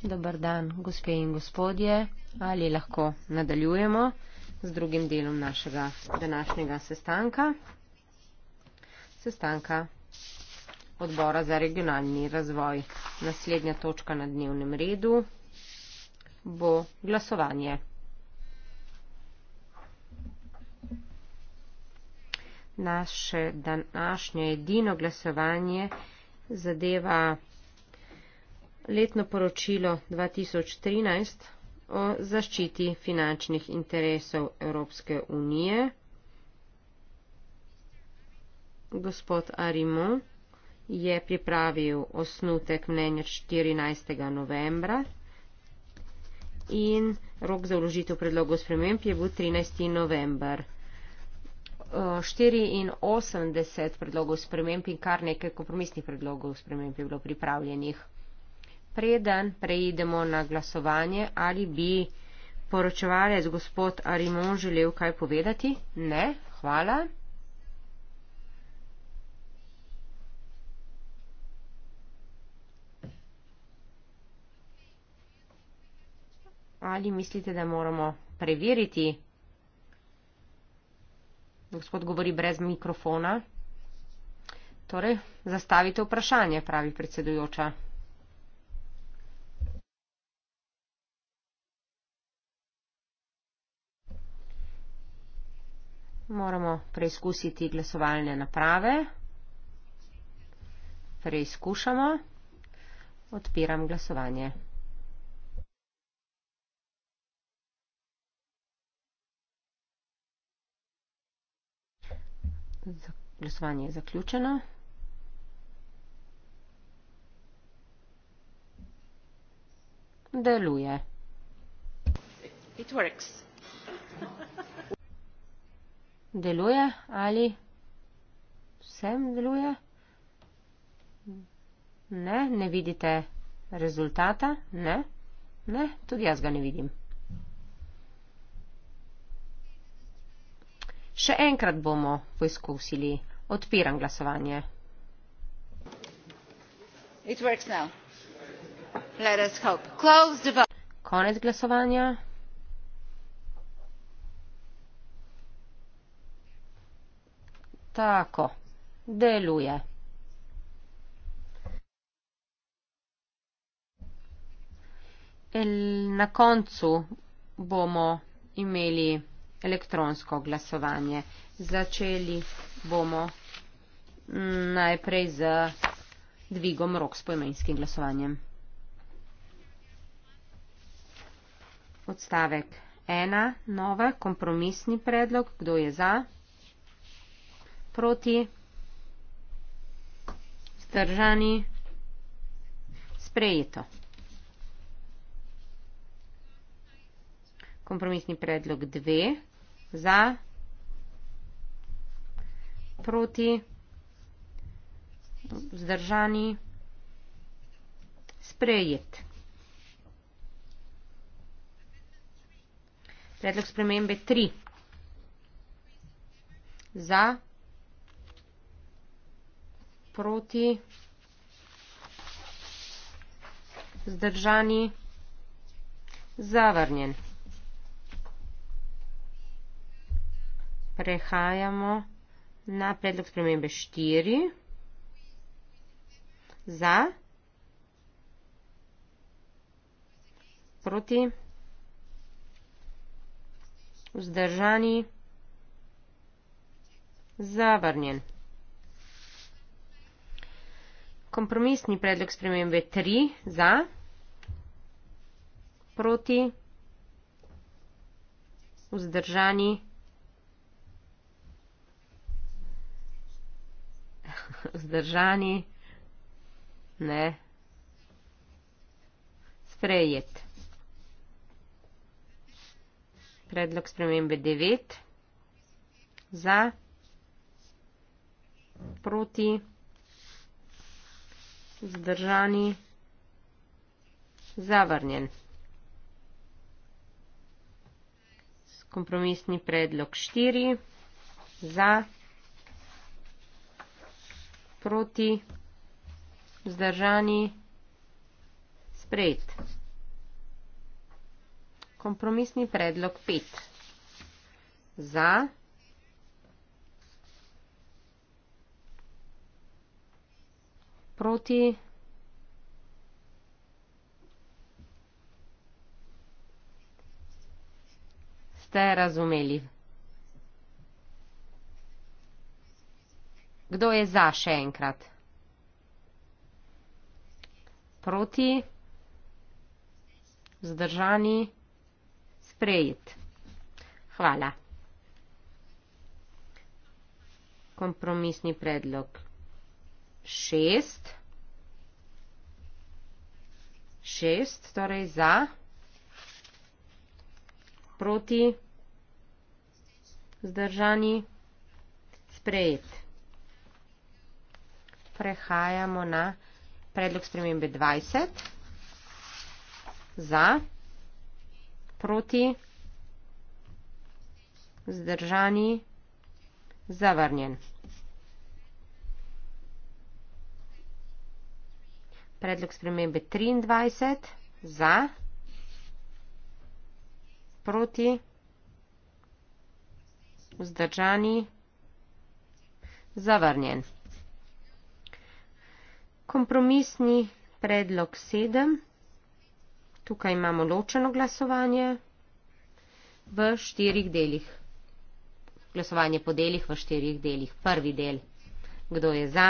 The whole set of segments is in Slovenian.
Dobar dan, gospe in gospodje. Ali lahko nadaljujemo z drugim delom našega današnjega sestanka? Sestanka odbora za regionalni razvoj. Naslednja točka na dnevnem redu bo glasovanje. Naše današnje edino glasovanje zadeva letno poročilo 2013 o zaščiti finančnih interesov Evropske unije. Gospod Arimo je pripravil osnutek mnenja 14. novembra in rok za vložitev predlogov sprememb je bil 13. november. 84 predlogov sprememb in kar nekaj kompromisnih predlogov sprememb je bilo pripravljenih preden preidemo na glasovanje, ali bi poročevalec gospod Arimon želel kaj povedati? Ne, hvala. Ali mislite, da moramo preveriti? Gospod govori brez mikrofona. Torej, zastavite vprašanje, pravi predsedujoča. moramo preizkusiti glasovalne naprave. Preizkušamo. Odpiram glasovanje. Glasovanje je zaključeno. Deluje. It works deluje ali vsem deluje. Ne, ne vidite rezultata, ne, ne, tudi jaz ga ne vidim. Še enkrat bomo poizkusili. Odpiram glasovanje. Konec glasovanja. Tako, deluje. Na koncu bomo imeli elektronsko glasovanje. Začeli bomo najprej z dvigom rok s poimenskim glasovanjem. Odstavek 1. Nova kompromisni predlog. Kdo je za? proti, vzdržani, sprejeto. Kompromisni predlog dve, za, proti, vzdržani, sprejet. Predlog spremembe tri, za, proti, vzdržani, sprejeto proti, zdržani, zavrnjen. Prehajamo na predlog spremembe 4. Za, proti, vzdržani, zavrnjen kompromisni predlog spremembe 3 za, proti, vzdržani. Zdržani, ne, sprejet. Predlog spremembe 9 za, proti, vzdržani zdržani, zavrnjen. Kompromisni predlog 4, za, proti, vzdržani, sprejet. Kompromisni predlog 5, za, proti, vzdržani, sprejet. proti. Ste razumeli? Kdo je za še enkrat? Proti, zdržani, sprejet. Hvala. Kompromisni predlog šest, šest torej za, proti, zdržani, sprejet. Prehajamo na predlog spremembe 20, za, proti, zdržani, zavrnjen. predlog spremembe 23 za, proti, vzdržani, zavrnjen. Kompromisni predlog 7. Tukaj imamo ločeno glasovanje v štirih delih. Glasovanje po delih v štirih delih. Prvi del, kdo je za,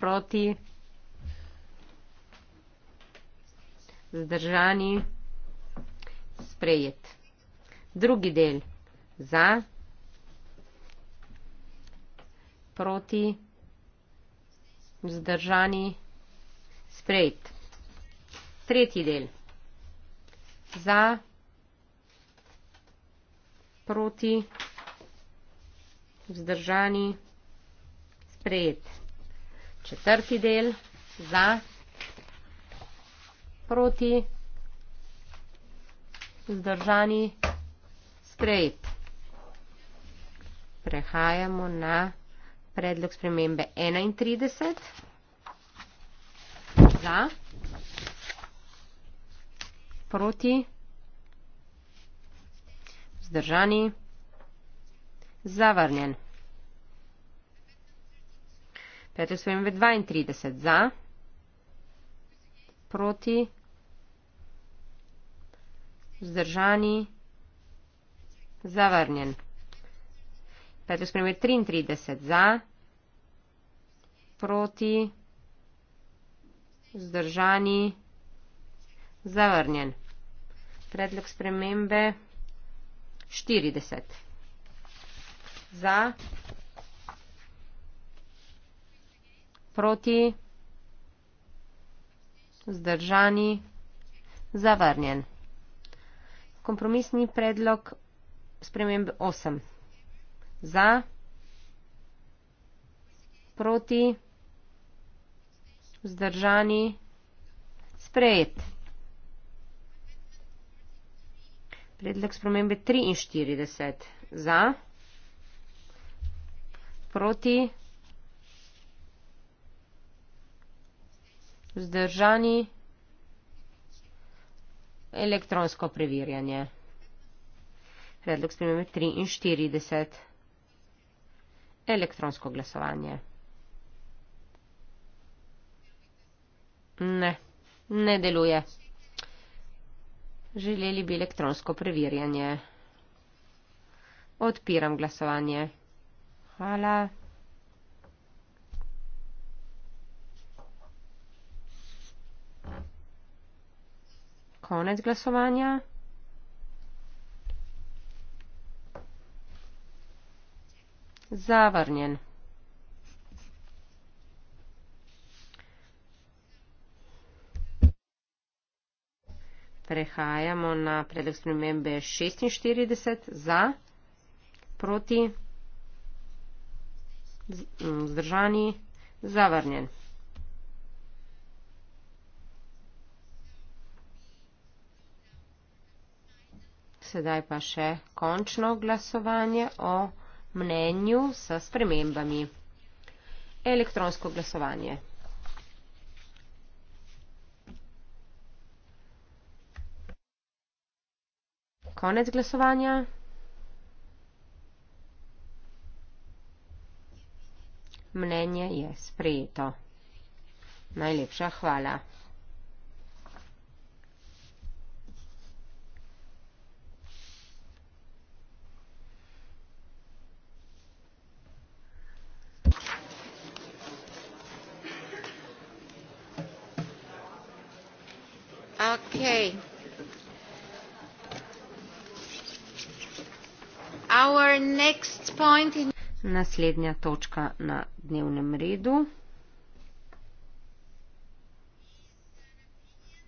proti, zdržani, sprejet. Drugi del za, proti, zdržani, sprejet. Tretji del za, proti, vzdržani, sprejet četrti del za, proti, zdržani, sprejet. Prehajamo na predlog spremembe 31. Za, proti, zdržani, zavrnjen. Peter spremembe 32 za, proti, vzdržani, zavrnjen. Peter spremembe 33 za, proti, vzdržani, zavrnjen. Predlog spremembe 40 za, proti, zdržani, zavrnjen. Kompromisni predlog sprememb 8. Za, proti, zdržani, sprejet. Predlog spremembe 43. Za, proti, zdržani, sprejet. vzdržani elektronsko preverjanje. Predlog spremembe 43. Elektronsko glasovanje. Ne, ne deluje. Želeli bi elektronsko preverjanje. Odpiram glasovanje. Hvala. konec glasovanja. Zavrnjen. Prehajamo na predlog spremembe 46 za, proti, zdržani, zavrnjen. sedaj pa še končno glasovanje o mnenju s spremembami. Elektronsko glasovanje. Konec glasovanja. Mnenje je sprejeto. Najlepša hvala. Okay. Our next point in... Naslednja točka na dnevnem redu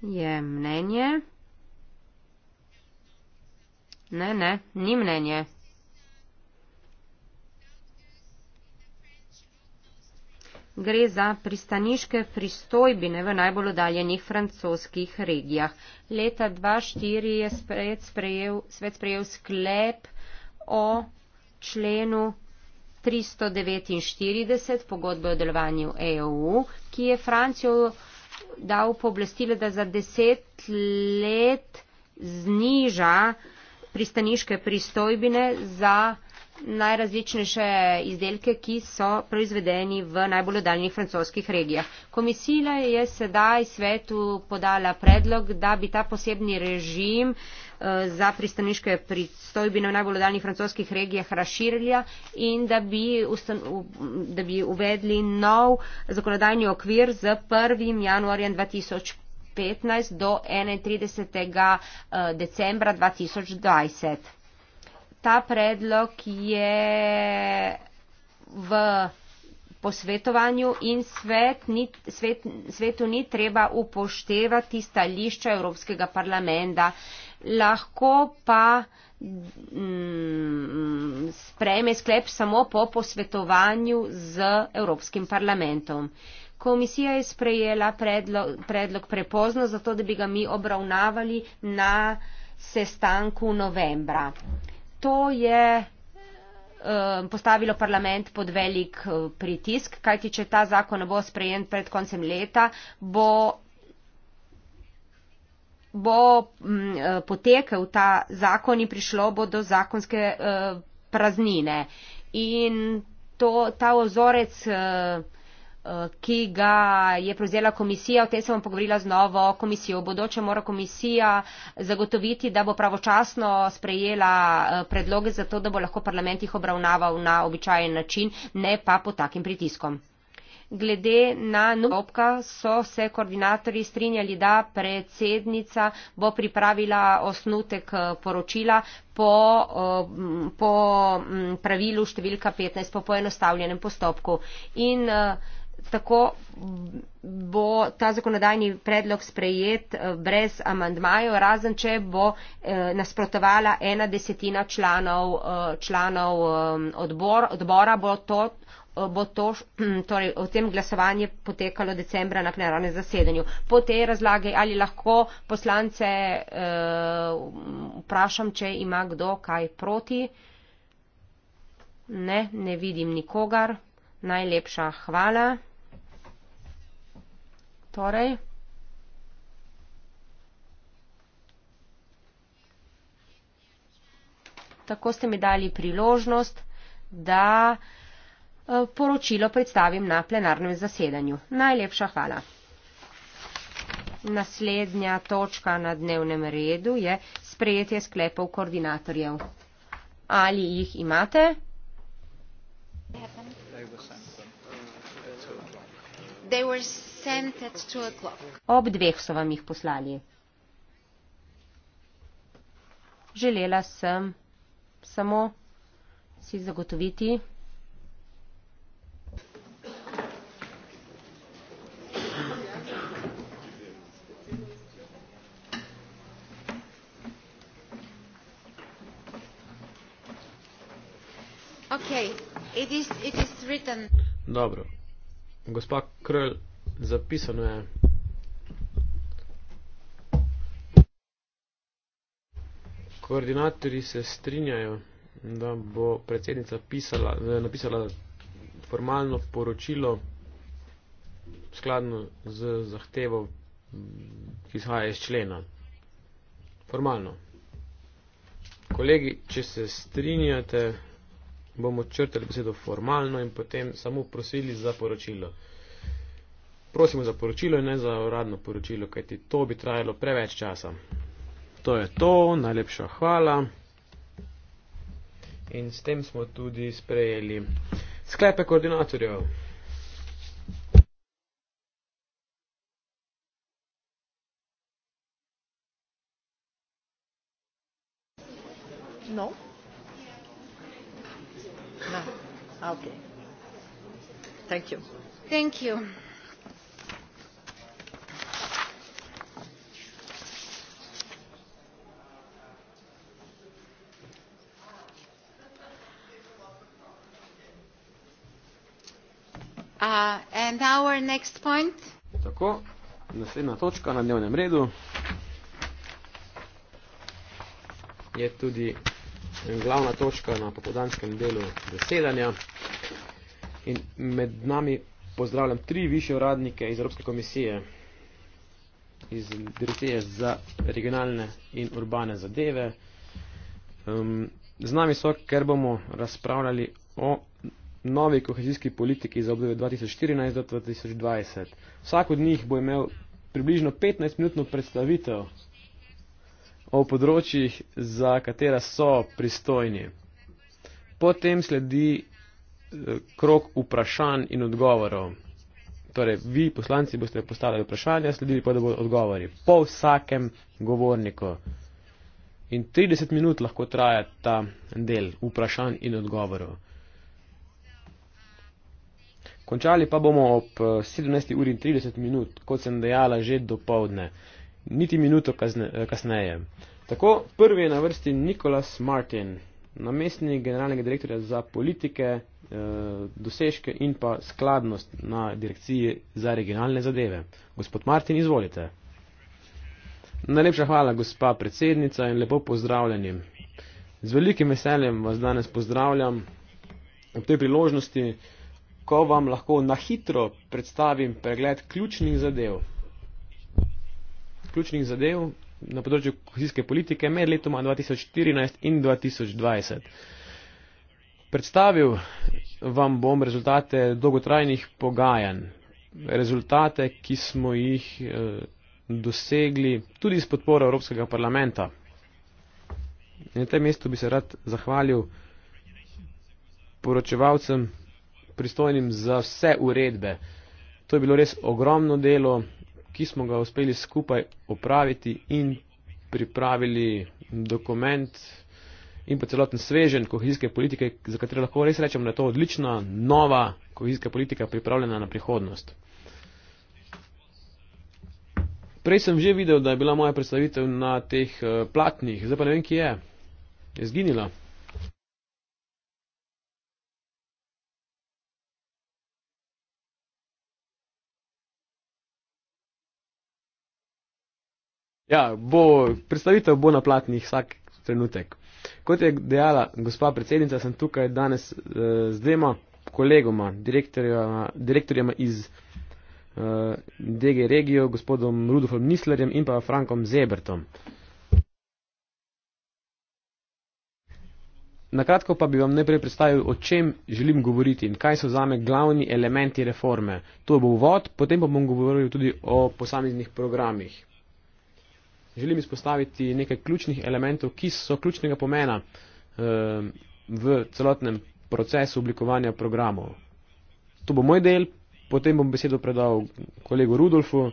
je mnenje. Ne, ne, ni mnenje. gre za pristaniške pristojbine v najbolj oddaljenih francoskih regijah. Leta 2004 je sprejel, svet sprejel sklep o členu 349 pogodbe o delovanju EU, ki je Francijo dal pooblastilo, da za deset let zniža pristaniške pristojbine za najrazličnejše izdelke, ki so proizvedeni v najbolj oddaljenih francoskih regijah. Komisija je sedaj svetu podala predlog, da bi ta posebni režim eh, za pristaniške pristojbine v najbolj oddaljenih francoskih regijah razširila in da bi, ustan, da bi uvedli nov zakonodajni okvir z 1. januarjem 2015 do 31. Eh, decembra 2020 ta predlog je v posvetovanju in svet ni, svet, svetu ni treba upoštevati stališča Evropskega parlamenta. Lahko pa mm, spreme sklep samo po posvetovanju z Evropskim parlamentom. Komisija je sprejela predlog, predlog prepozno, zato da bi ga mi obravnavali na sestanku novembra to je eh, postavilo parlament pod velik eh, pritisk, kajti če ta zakon ne bo sprejen pred koncem leta, bo, bo mm, eh, potekel ta zakon in prišlo bo do zakonske praznine. In to, ta ozorec Eh, ki ga je prevzela komisija. O tem se bom pogovorila z novo komisijo. V bodoče mora komisija zagotoviti, da bo pravočasno sprejela eh, predloge za to, da bo lahko parlament jih obravnaval na običajen način, ne pa pod takim pritiskom. Glede na nobka so se koordinatorji strinjali, da predsednica bo pripravila osnutek eh, poročila po, po mm, pravilu številka 15, po poenostavljenem postopku. In, tako bo ta zakonodajni predlog sprejet eh, brez amandmajev, razen če bo eh, nasprotovala ena desetina članov, eh, članov odbor, odbora, bo to bo to, torej o tem glasovanje potekalo decembra na plenarnem zasedanju. Po te razlage ali lahko poslance uh, vprašam, če ima kdo kaj proti? Ne, ne vidim nikogar. Najlepša hvala. Torej. Tako ste mi dali priložnost, da eh, poročilo predstavim na plenarnem zasedanju. Najlepša hvala. Naslednja točka na dnevnem redu je sprejetje sklepov koordinatorjev. Ali jih imate? They were Ob dveh so vam jih poslali. Želela sem samo si zagotoviti. Okay. It is, it is Dobro. Gospa Krl, zapisano je. Koordinatorji se strinjajo, da bo predsednica pisala, napisala formalno poročilo skladno z zahtevo, ki izhaja iz člena. Formalno. Kolegi, če se strinjate, bomo črtali besedo formalno in potem samo prosili za poročilo prosimo za poročilo in ne za uradno poročilo, kajti to bi trajalo preveč časa. To je to, najlepša hvala. In s tem smo tudi sprejeli sklepe koordinatorjev. No. Na. No. Ah, okay. Thank you. Thank you. Uh, Tako, naslednja točka na dnevnem redu je tudi glavna točka na popodanskem delu zasedanja. In med nami pozdravljam tri više uradnike iz Evropske komisije, iz Direkcije za regionalne in urbane zadeve. Um, z nami so, ker bomo razpravljali o novi kohezijski politiki za obdobje 2014 do 2020. Vsak od njih bo imel približno 15 minutno predstavitev o področjih, za katera so pristojni. Potem sledi eh, krok vprašanj in odgovorov. Torej, vi poslanci boste postavljali vprašanja, sledili pa da bodo odgovori. Po vsakem govorniku. In 30 minut lahko traja ta del vprašanj in odgovorov. Končali pa bomo ob 17.30, eh, kot sem dejala, že do povdne, niti minuto kazne, eh, kasneje. Tako, prvi je na vrsti Nikolas Martin, namestnik generalnega direktorja za politike, eh, dosežke in pa skladnost na direkciji za regionalne zadeve. Gospod Martin, izvolite. Najlepša hvala, gospa predsednica, in lepo pozdravljeni. Z velikim veseljem vas danes pozdravljam ob tej priložnosti ko vam lahko na hitro predstavim pregled ključnih zadev. Ključnih zadev na področju kohezijske politike med letoma 2014 in 2020. Predstavil vam bom rezultate dolgotrajnih pogajanj, rezultate, ki smo jih eh, dosegli tudi s podporo Evropskega parlamenta. Na tem mestu bi se rad zahvalil poročevalcem pristojnim za vse uredbe. To je bilo res ogromno delo, ki smo ga uspeli skupaj opraviti in pripravili dokument in pa celoten svežen kohezijske politike, za katero lahko res rečem, da je to odlična nova kohezijska politika pripravljena na prihodnost. Prej sem že videl, da je bila moja predstavitev na teh eh, platnih, zdaj pa ne vem, kje je. Je zginila. Ja, bo, predstavitev bo na platnih vsak trenutek. Kot je dejala gospa predsednica, sem tukaj danes eh, z dvema kolegoma, direktorjama, direktorjama iz eh, DG Regijo, gospodom Rudolfom Nislerjem in pa Frankom Zebertom. Nakratko pa bi vam najprej predstavil, o čem želim govoriti in kaj so zame glavni elementi reforme. To bo vod, potem pa bom govoril tudi o posameznih programih želim izpostaviti nekaj ključnih elementov, ki so ključnega pomena ehm, v celotnem procesu oblikovanja programov. To bo moj del, potem bom besedo predal kolegu Rudolfu,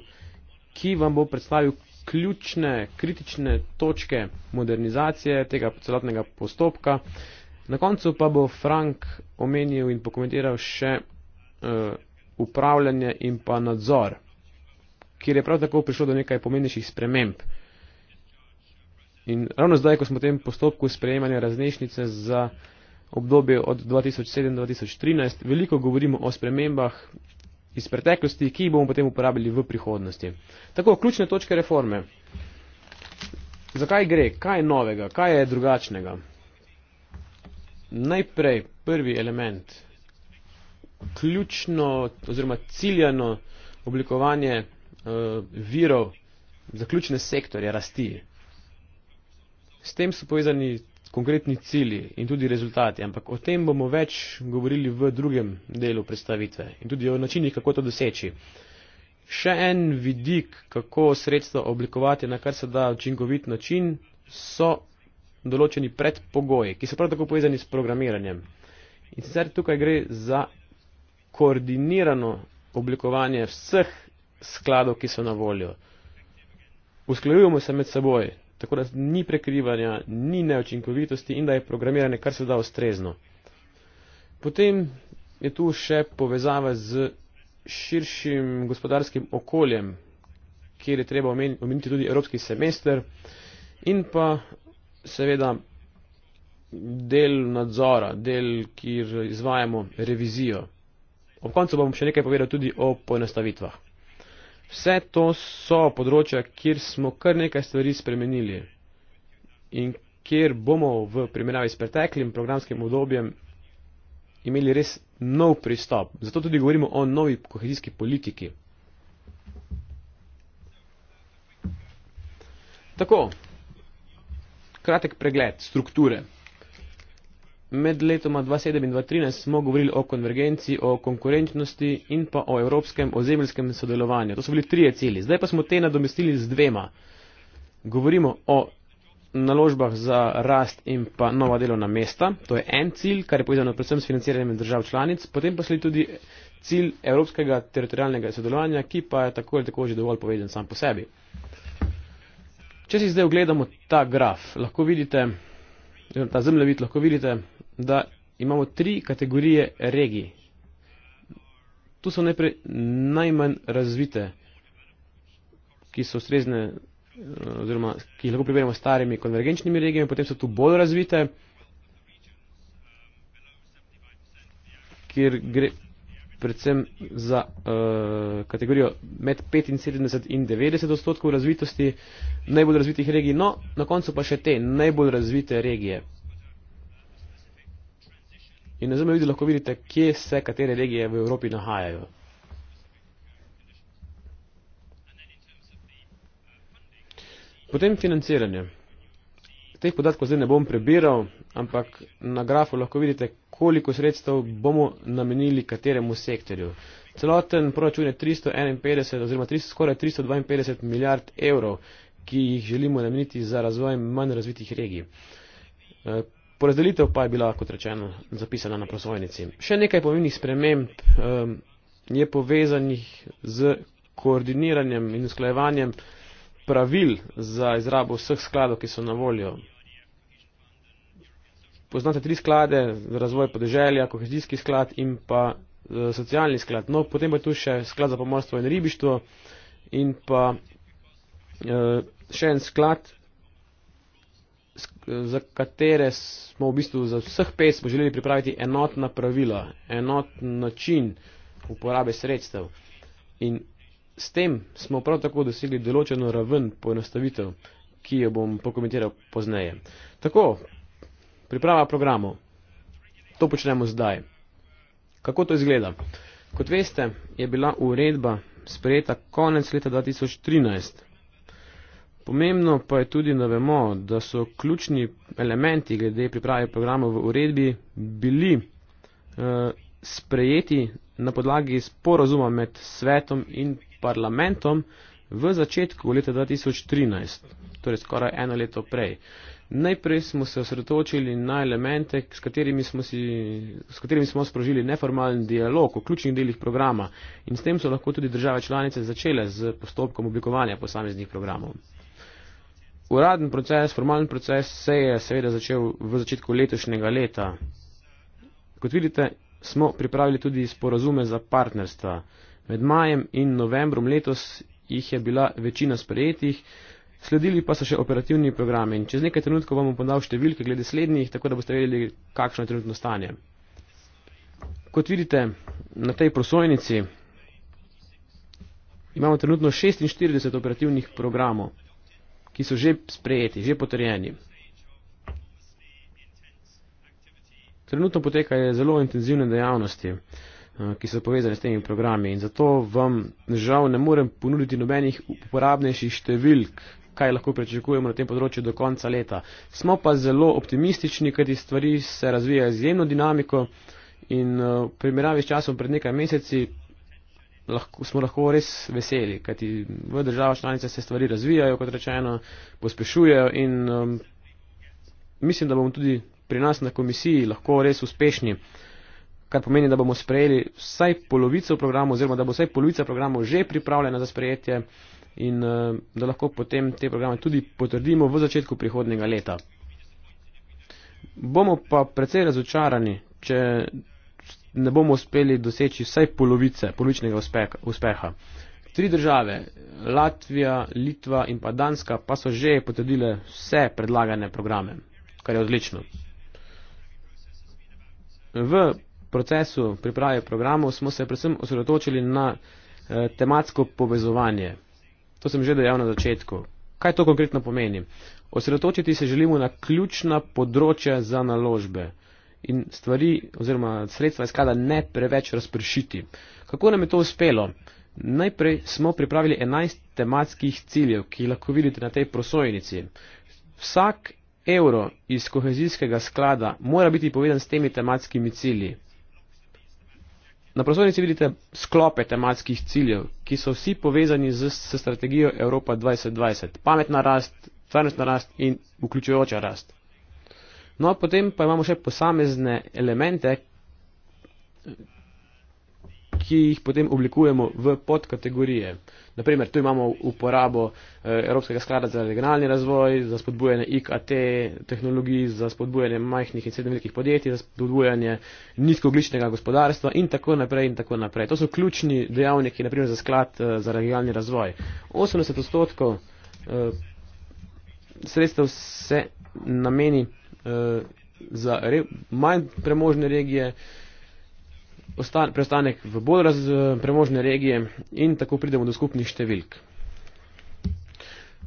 ki vam bo predstavil ključne, kritične točke modernizacije tega celotnega postopka. Na koncu pa bo Frank omenil in pokomentiral še uh, upravljanje in pa nadzor, kjer je prav tako prišlo do nekaj pomenjših sprememb. In ravno zdaj, ko smo v tem postopku sprejemanja raznešnice za obdobje od 2007-2013, veliko govorimo o spremembah iz preteklosti, ki jih bomo potem uporabili v prihodnosti. Tako, ključne točke reforme. Zakaj gre? Kaj je novega? Kaj je drugačnega? Najprej prvi element, ključno oziroma ciljano oblikovanje uh, virov za ključne sektorje rasti. S tem so povezani konkretni cilji in tudi rezultati, ampak o tem bomo več govorili v drugem delu predstavitve in tudi o načinih, kako to doseči. Še en vidik, kako sredstvo oblikovati na kar se da učinkovit način, so določeni predpogoji, ki so prav tako povezani s programiranjem. In sicer tukaj gre za koordinirano oblikovanje vseh skladov, ki so na voljo. Usklajujemo se med seboj, tako da ni prekrivanja, ni neočinkovitosti in da je programiranje kar se da ustrezno. Potem je tu še povezava z širšim gospodarskim okoljem, kjer je treba omeniti tudi evropski semester in pa seveda del nadzora, del, kjer izvajamo revizijo. Ob koncu bom še nekaj povedal tudi o poenostavitvah. Vse to so področja, kjer smo kar nekaj stvari spremenili in kjer bomo v primerjavi s preteklim programskim obdobjem imeli res nov pristop. Zato tudi govorimo o novi kohezijski politiki. Tako, kratek pregled strukture med letoma 2007 in 2013 smo govorili o konvergenci, o konkurenčnosti in pa o evropskem ozemeljskem sodelovanju. To so bili trije cilji. Zdaj pa smo te nadomestili z dvema. Govorimo o naložbah za rast in pa nova delovna mesta. To je en cilj, kar je povezano predvsem s financiranjem držav članic. Potem pa sledi tudi cilj evropskega teritorijalnega sodelovanja, ki pa je tako ali tako že dovolj povezan sam po sebi. Če si zdaj ogledamo ta graf, lahko vidite, ta zemljevid lahko vidite, da imamo tri kategorije regij. Tu so najprej najmanj razvite, ki so srezne, eh, oziroma, ki jih lahko primerjamo starimi konvergenčnimi regijami, potem so tu bolj razvite, kjer gre predvsem za uh, kategorijo med 75 in 90 odstotkov razvitosti najbolj razvitih regij, no, na koncu pa še te najbolj razvite regije. In na zemljevidu lahko vidite, kje se katere regije v Evropi nahajajo. Potem financiranje. Teh podatkov zdaj ne bom prebiral, ampak na grafu lahko vidite, koliko sredstev bomo namenili kateremu sektorju. Celoten proračun je 351 oziroma 300, skoraj 352 milijard evrov, ki jih želimo nameniti za razvoj manj razvitih regij. Eh, Porazdelitev pa je bila, kot rečeno, zapisana na prosojnici. Še nekaj pomembnih sprememb um, je povezanih z koordiniranjem in usklajevanjem pravil za izrabo vseh skladov, ki so na voljo. Poznate tri sklade, razvoj podeželja, kohezijski sklad in pa uh, socialni sklad. No, potem pa je tu še sklad za pomorstvo in ribištvo in pa uh, še en sklad, za katere smo v bistvu za vseh pet smo želeli pripraviti enotna pravila, enoten način uporabe sredstev. In s tem smo prav tako dosegli določeno raven poenostavitev, ki jo bom pokomentiral pozneje. Tako, priprava programov. To počnemo zdaj. Kako to izgleda? Kot veste, je bila uredba sprejeta konec leta 2013. Pomembno pa je tudi, da vemo, da so ključni elementi glede priprave programa v uredbi bili eh, sprejeti na podlagi sporozuma med svetom in parlamentom v začetku leta 2013, torej skoraj eno leto prej. Najprej smo se osredotočili na elemente, s katerimi, smo si, s katerimi smo sprožili neformalen dialog o ključnih delih programa in s tem so lahko tudi države članice začele z postopkom oblikovanja posameznih programov uraden proces, formalen proces se je seveda začel v začetku letošnjega leta. Kot vidite, smo pripravili tudi sporozume za partnerstva. Med majem in novembrom letos jih je bila večina sprejetih, sledili pa so še operativni programi. In čez nekaj trenutkov vam bom podal številke glede slednjih, tako da boste vedeli, kakšno je trenutno stanje. Kot vidite na tej prosojnici, imamo trenutno 46 operativnih programov ki so že sprejeti, že potrjeni. Trenutno potekajo zelo intenzivne dejavnosti, eh, ki so povezane s temi programi in zato vam žal ne morem ponuditi nobenih uporabnejših številk, kaj lahko pričakujemo na tem področju do konca leta. Smo pa zelo optimistični, kajti stvari se razvijajo z izjemno dinamiko in eh, v primerjavi s časom pred nekaj meseci lahko, smo lahko res veseli, kajti v državah članice se stvari razvijajo, kot rečeno, pospešujejo in um, mislim, da bomo tudi pri nas na komisiji lahko res uspešni, kar pomeni, da bomo sprejeli vsaj polovico programov oziroma da bo vsaj polovica programov že pripravljena za sprejetje in um, da lahko potem te programe tudi potrdimo v začetku prihodnega leta. Bomo pa predvsej razočarani, če in ne bomo uspeli doseči vsaj polovice polovičnega uspeha. Tri države, Latvija, Litva in pa Danska, pa so že potrdile vse predlagane programe, kar je odlično. V procesu priprave programov smo se predvsem osredotočili na eh, tematsko povezovanje. To sem že dejal na začetku. Kaj to konkretno pomeni? Osredotočiti se želimo na ključna področja za naložbe. Eh, in stvari oziroma sredstva iz sklada ne preveč razpršiti. Kako nam je to uspelo? Najprej smo pripravili 11 tematskih ciljev, ki jih lahko vidite na tej prosojnici. Vsak evro iz kohezijskega sklada mora biti povedan s temi tematskimi cilji. Na prosojnici vidite sklope tematskih ciljev, ki so vsi povezani z, s strategijo Evropa 2020. Pametna rast, tvarnostna rast in vključujoča rast. No, potem pa imamo še posamezne elemente, ki jih potem oblikujemo v podkategorije. Naprimer, tu imamo uporabo eh, Evropskega sklada za regionalni razvoj, za spodbujanje IKT tehnologij, za spodbujanje majhnih in srednjih velikih podjetij, za spodbujanje nizkogličnega gospodarstva in tako naprej in tako naprej. To so ključni dejavniki, naprimer, za sklad eh, za regionalni razvoj. 80 odstotkov eh, sredstev se nameni za re, manj premožne regije, ostan, preostanek v bolj raz, eh, premožne regije in tako pridemo do skupnih številk.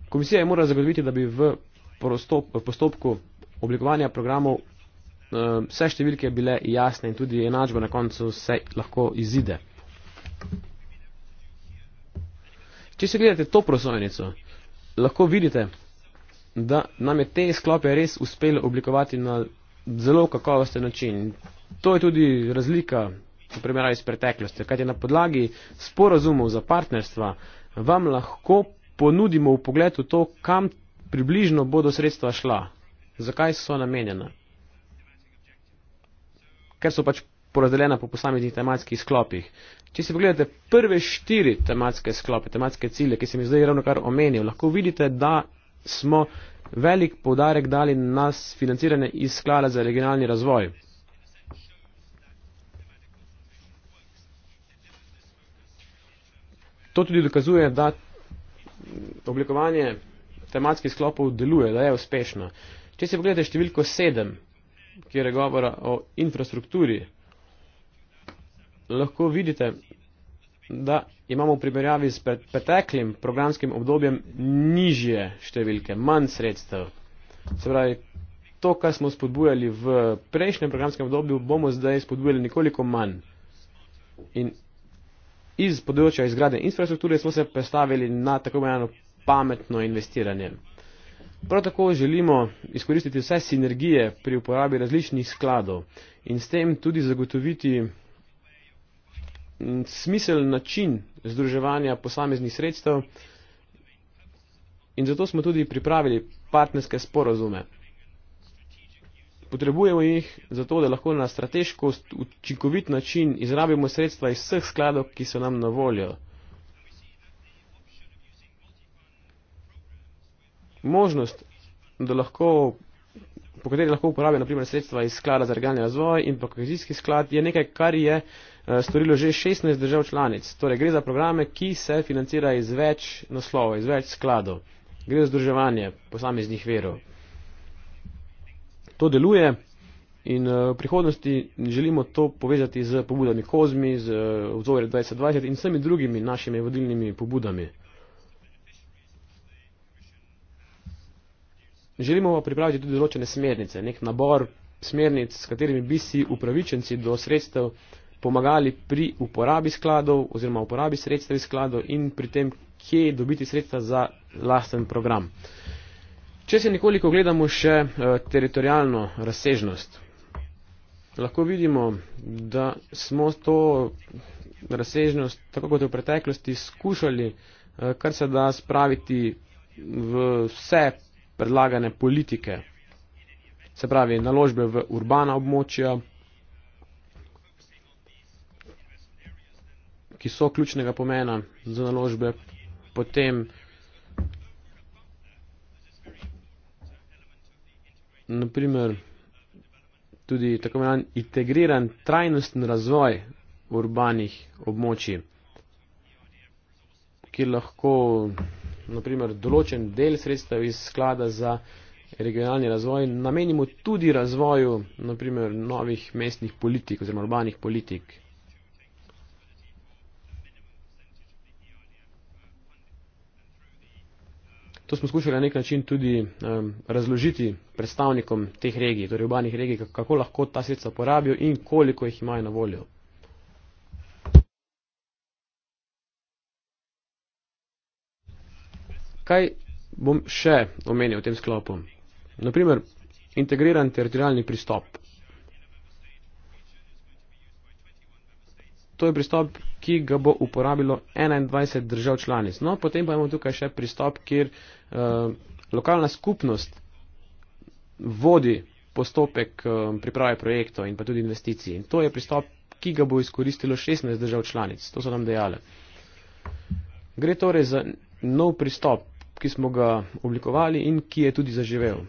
Komisija je mora zagotoviti, da bi v prostop, postopku oblikovanja programov eh, vse številke bile jasne in tudi enačba na koncu vse lahko izide. Če se gledate to prosojnico, lahko vidite, da nam je te sklope res uspelo oblikovati na zelo kakovosten način. To je tudi razlika v primerjavi s preteklostjo, kajti na podlagi sporazumov za partnerstva vam lahko ponudimo v pogledu to, kam približno bodo sredstva šla, zakaj so namenjena. Ker so pač porazdeljena po posameznih tematskih sklopih. Če si pogledate prve štiri tematske sklope, tematske cilje, ki sem jih zdaj ravno kar omenil, lahko vidite, da smo velik podarek dali nas financiranje iz sklada za regionalni razvoj. To tudi dokazuje, da oblikovanje tematskih sklopov deluje, da je uspešno. Če si pogledate številko 7, kjer je govora o infrastrukturi, lahko vidite, da imamo v primerjavi s preteklim programskim obdobjem nižje številke, manj sredstev. Se pravi, to, kar smo spodbujali v prejšnjem programskem obdobju, bomo zdaj spodbujali nekoliko manj. In iz področja izgradnje infrastrukture smo se predstavili na tako imenovano pametno investiranje. Prav tako želimo izkoristiti vse sinergije pri uporabi različnih skladov in s tem tudi zagotoviti smisel način združevanja posameznih sredstev in zato smo tudi pripravili partnerske sporozume. Potrebujemo jih zato, da lahko na strateško učinkovit način izrabimo sredstva iz vseh skladov, ki so nam na voljo. Možnost, da lahko, po kateri lahko uporabljamo naprimer sredstva iz sklada za regionalni razvoj in pa kohezijski sklad, je nekaj, kar je uh, Eh, storilo že 16 držav članic. Torej, gre za programe, ki se financira iz več naslovov, iz več skladov. Gre za združevanje posameznih verov. To deluje in eh, v prihodnosti želimo to povezati z pobudami Kozmi, z vzorjem eh, 2020 in vsemi drugimi našimi vodilnimi pobudami. Želimo pripraviti tudi določene smernice, nek nabor smernic, s katerimi bi si upravičenci do sredstev uh, pomagali pri uporabi skladov oziroma uporabi sredstev iz skladov in pri tem, kje dobiti sredstva za lasten program. Če se nekoliko gledamo še eh, teritorijalno razsežnost, lahko vidimo, da smo to razsežnost, tako kot v preteklosti, skušali eh, kar se da spraviti v vse predlagane politike, se pravi naložbe v urbana območja, ki so ključnega pomena za naložbe, potem naprimer tudi tako imenovan integriran trajnosten razvoj urbanih območij, ki lahko naprimer določen del sredstev iz sklada za regionalni razvoj namenimo tudi razvoju naprimer novih mestnih politik oziroma urbanih politik. To smo skušali na nek način tudi um, razložiti predstavnikom teh regij, torej urbanih regij, kako lahko ta sredstva porabijo in koliko jih imajo na voljo. Kaj bom še omenil v tem sklopu? Naprimer, integriran teritorijalni pristop. to je pristop, ki ga bo uporabilo 21 držav članic. No, potem pa imamo tukaj še pristop, kjer uh, lokalna skupnost vodi postopek uh, priprave projektov in pa tudi investicij. In to je pristop, ki ga bo izkoristilo 16 držav članic. To so nam dejale. Gre torej za nov pristop, ki smo ga oblikovali in ki je tudi zaživel.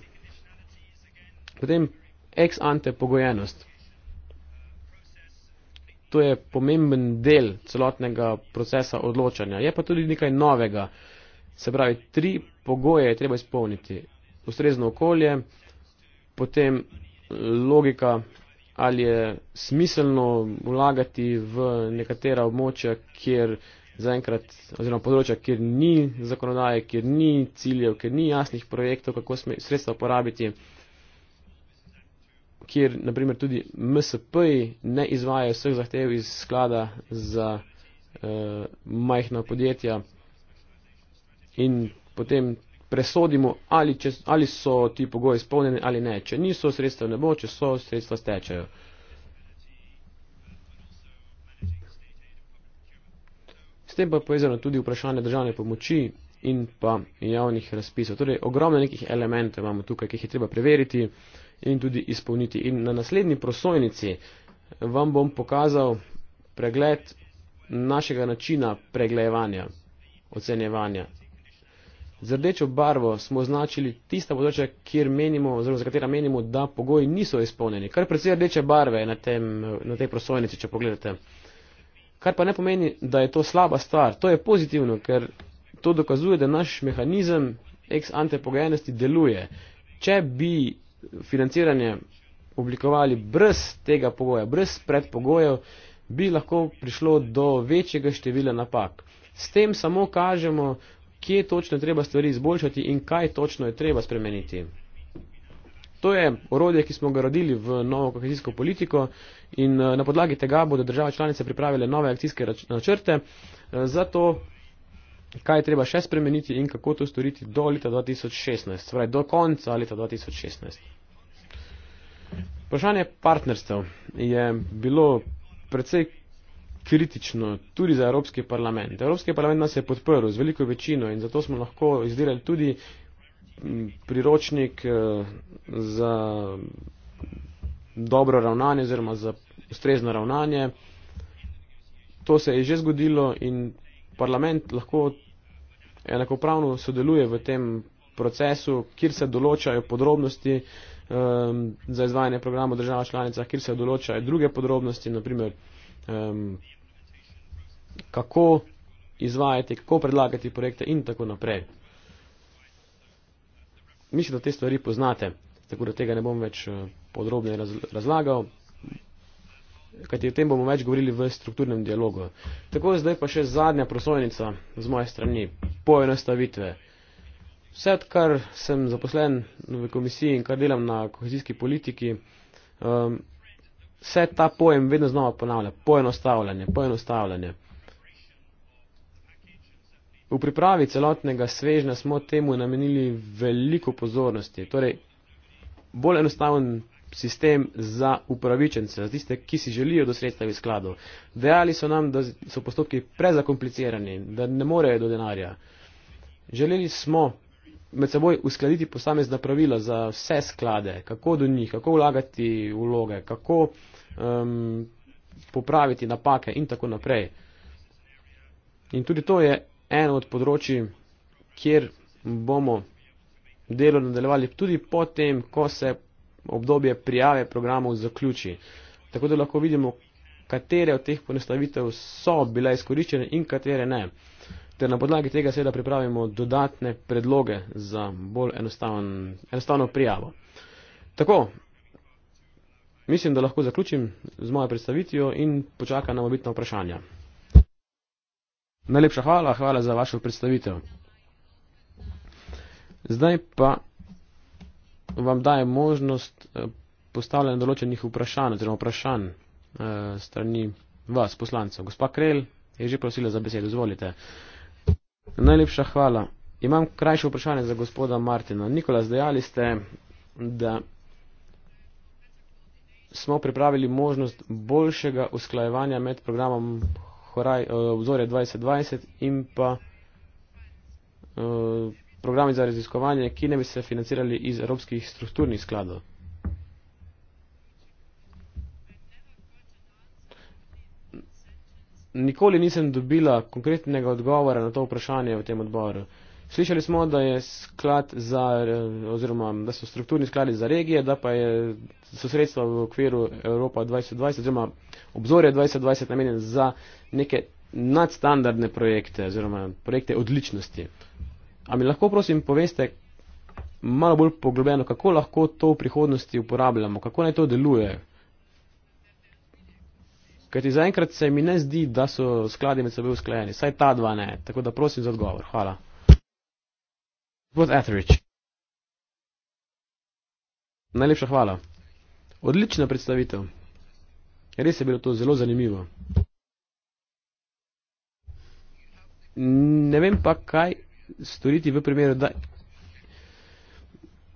Potem ex ante pogojenost to je pomemben del celotnega procesa odločanja. Je pa tudi nekaj novega. Se pravi, tri pogoje je treba izpolniti. Ustrezno okolje, potem logika, ali je smiselno vlagati v nekatera območja, kjer zaenkrat, oziroma področja, kjer ni zakonodaje, kjer ni ciljev, kjer ni jasnih projektov, kako sme, sredstva porabiti kjer naprimer tudi MSP ne izvaja vseh zahtev iz sklada za uh, majhna podjetja in potem presodimo, ali, če, ali so ti pogoji izpolnjeni ali ne. Če niso, sredstva ne bo, če so, sredstva stečajo. S tem pa je povezano tudi vprašanje državne pomoči in pa javnih razpisov. Torej, ogromno nekih elementov imamo tukaj, ki jih je treba preveriti. Uh, in tudi izpolniti. In na naslednji prosojnici vam bom pokazal pregled našega načina preglejevanja, ocenjevanja. Z rdečo barvo smo označili tista področja, kjer menimo, oziroma za katera menimo, da pogoji niso izpolnjeni. Kar precej rdeče barve je na, tem, na tej prosojnici, če pogledate. Kar pa ne pomeni, da je to slaba stvar. To je pozitivno, ker to dokazuje, da naš mehanizem ex ante pogajenosti deluje. Če bi financiranje oblikovali brez tega pogoja, brez predpogojev, bi lahko prišlo do večjega števila napak. S tem samo kažemo, kje točno treba stvari izboljšati in kaj točno je treba spremeniti. To je orodje, ki smo ga rodili v novo kohezijsko politiko in eh, na podlagi tega bodo države članice pripravile nove akcijske načrte. Eh, Zato kaj je treba še spremeniti in kako to storiti do leta 2016, torej do konca leta 2016. Vprašanje partnerstev je bilo precej kritično tudi za Evropski parlament. Evropski parlament nas je podprl z veliko večino in zato smo lahko izdelali tudi priročnik eh, za dobro ravnanje oziroma za ustrezno ravnanje. To se je že zgodilo in parlament lahko enakopravno sodeluje v tem procesu, kjer se določajo podrobnosti um, za izvajanje programov država članica, kjer se določajo druge podrobnosti, naprimer um, ehm, kako izvajati, kako predlagati projekte in tako naprej. Mislim, da te stvari poznate, tako da tega ne bom več eh, podrobne razlagal kajti o tem bomo več govorili v strukturnem dialogu. Tako zdaj pa še zadnja prosojnica z moje strani, poenostavitve. Vse, kar sem zaposlen v komisiji in kar delam na kohezijski politiki, um, vse ta pojem vedno znova ponavlja. Poenostavljanje, poenostavljanje. V pripravi celotnega svežna smo temu namenili veliko pozornosti. Torej, bolj enostaven sistem za upravičence, za tiste, ki si želijo do sredstev iz skladov. Dejali so nam, da so postopki prezakomplicirani, da ne morejo do denarja. Želeli smo med seboj uskladiti posamezna pravila za vse sklade, kako do njih, kako vlagati vloge, kako um, popraviti napake in tako naprej. In tudi to je eno od področji, kjer bomo delo nadaljevali tudi potem, ko se obdobje prijave programov zaključi. Tako da lahko vidimo, katere od teh ponestavitev so bile izkoriščene in katere ne. Ter na podlagi tega seveda pripravimo dodatne predloge za bolj enostavn, enostavno prijavo. Tako, mislim, da lahko zaključim z mojo predstavitijo in počakam na obitna vprašanja. Najlepša hvala, hvala za vašo predstavitev. Zdaj pa vam daje možnost eh, postavljanja določenih vprašanj oziroma vprašanj eh, strani vas, poslancev. Gospa Krel je že prosila za besedo, izvolite. Najlepša hvala. Imam krajše vprašanje za gospoda Martina. Nikola, zdajali ste, da smo pripravili možnost boljšega usklajevanja med programom Horaj, eh, Obzorje 2020 in pa programi za raziskovanje, ki ne bi se financirali iz evropskih strukturnih skladov. Nikoli nisem dobila konkretnega odgovora na to vprašanje v tem odboru. Slišali smo, da, je sklad za, oziroma, da so strukturni skladi za regije, da pa je, so sredstva v okviru Evropa 2020 oziroma obzorje 2020 namenjen za neke nadstandardne projekte oziroma projekte odličnosti. A mi lahko, prosim, poveste malo bolj poglobljeno, kako lahko to v prihodnosti uporabljamo, kako naj to deluje? Ker ti zaenkrat se mi ne zdi, da so skladi med seboj usklajeni, saj ta dva ne, tako da prosim za odgovor. Hvala. Gospod Etherich. Najlepša hvala. Odlična predstavitev. Res je bilo to zelo zanimivo. Ne vem pa, kaj storiti v primeru, da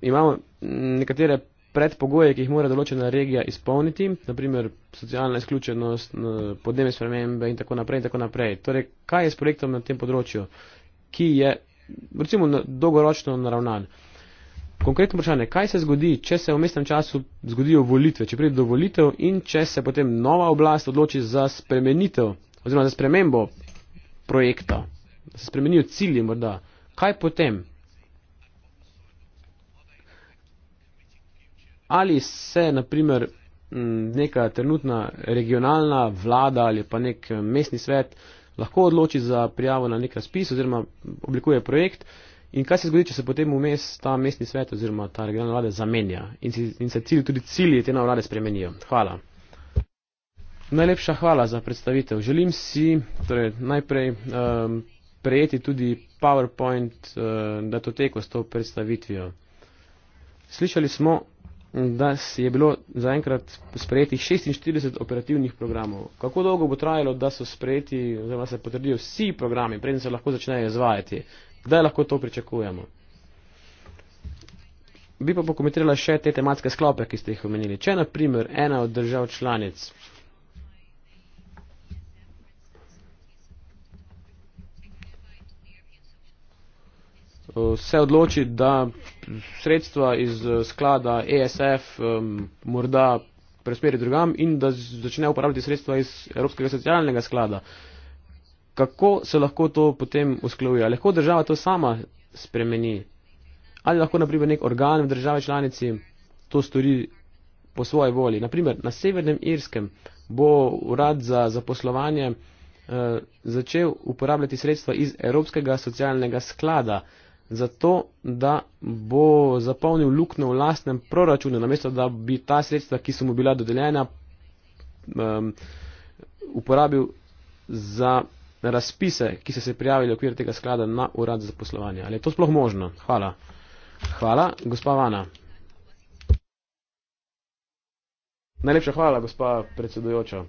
imamo nekatere predpogoje, ki jih mora določena regija izpolniti, naprimer socialna izključenost, podnebne spremembe in tako naprej in tako naprej. Torej, kaj je s projektom na tem področju, ki je recimo dolgoročno naravnan? Konkretno vprašanje, kaj se zgodi, če se v mestnem času zgodijo volitve, če pride do volitev in če se potem nova oblast odloči za spremenitev oziroma za spremembo projekta? se spremenijo cilji morda. Kaj potem? Ali se, na primer, neka trenutna regionalna vlada ali pa nek eh, mestni svet lahko odloči za prijavo na nek razpis oziroma oblikuje projekt in kaj se zgodi, če se potem vmes ta mestni svet oziroma ta regionalna vlada zamenja in, si, in se cilj, tudi cilji te nove vlade spremenijo. Hvala. Najlepša hvala za predstavitev. Želim si torej, najprej. Um, prejeti tudi PowerPoint uh, eh, datoteko s to predstavitvijo. Slišali smo, da si je bilo zaenkrat sprejetih 46 operativnih programov. Kako dolgo bo trajalo, da so sprejeti, oziroma se potrdijo vsi programi, preden se lahko začnejo izvajati? Kdaj lahko to pričakujemo? Bi pa pokomentirala še te tematske sklope, ki ste jih omenili. Če, na primer, ena od držav članic se odloči, da sredstva iz eh, sklada ESF um, morda presperi drugam in da začne uporabljati sredstva iz Evropskega socialnega sklada. Kako se lahko to potem usklajuje? Lahko država to sama spremeni? Ali lahko, naprimer, nek organ v državi članici to stori po svoji volji? Naprimer, na Severnem Irskem bo urad za zaposlovanje eh, začel uporabljati sredstva iz Evropskega socialnega sklada. Eh, zato da bo zapolnil luknjo v lastnem proračunu, namesto da bi ta sredstva, ki so mu bila dodeljena, um, uporabil za razpise, ki so se prijavili okvir tega sklada na urad za poslovanje. Ali je to sploh možno? Hvala. Hvala, gospa Vana. Najlepša hvala, gospa predsedujoča.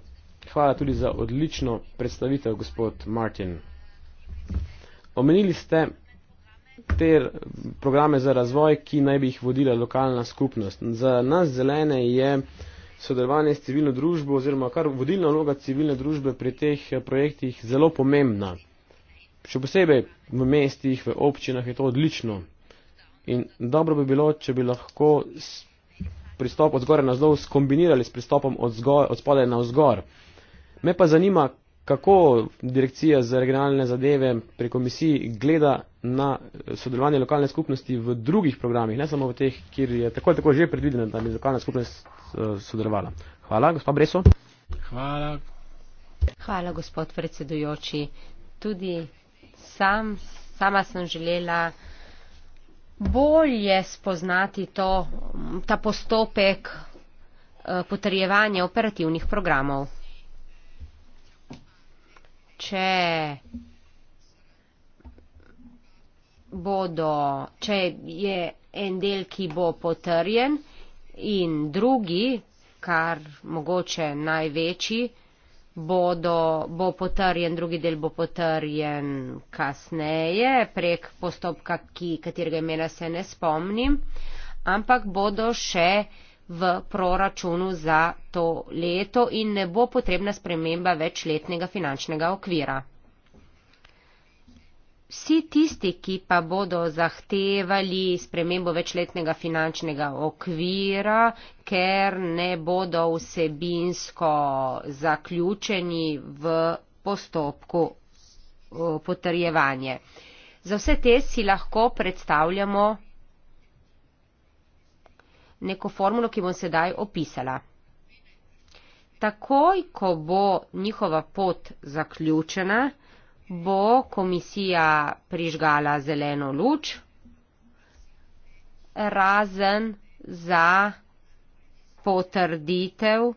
Hvala tudi za odlično predstavitev, gospod Martin. Omenili ste te programe za razvoj, ki naj bi jih vodila lokalna skupnost. Za nas zelene je sodelovanje s civilno družbo oziroma kar vodilna vloga civilne družbe pri teh eh, projektih zelo pomembna. Še posebej v mestih, v občinah je to odlično. In dobro bi bilo, če bi lahko pristop od zgore na zdol skombinirali s pristopom od, zgor, od spode na vzgor. Me pa zanima, kako direkcija za regionalne zadeve pri komisiji gleda na eh, sodelovanje lokalne skupnosti v drugih programih, ne samo v teh, kjer je tako ali tako že predvideno, da bi lokalna skupnost eh, sodelovala. Hvala, gospod Breso. Hvala. Hvala, gospod predsedujoči. Tudi sam, sama sem želela bolje spoznati to, ta postopek eh, potrjevanja operativnih programov če bodo, če je en del, ki bo potrjen in drugi, kar mogoče največji, bodo, bo potrjen, drugi del bo potrjen kasneje prek postopka, ki, katerega imena se ne spomnim, ampak bodo še v proračunu za to leto in ne bo potrebna sprememba večletnega finančnega okvira. Vsi tisti, ki pa bodo zahtevali spremembo večletnega finančnega okvira, ker ne bodo vsebinsko zaključeni v postopku eh, potrjevanje. Za vse te si lahko predstavljamo neko formulo, ki bom sedaj opisala. Takoj, ko bo njihova pot zaključena, bo komisija prižgala zeleno luč, razen za potrditev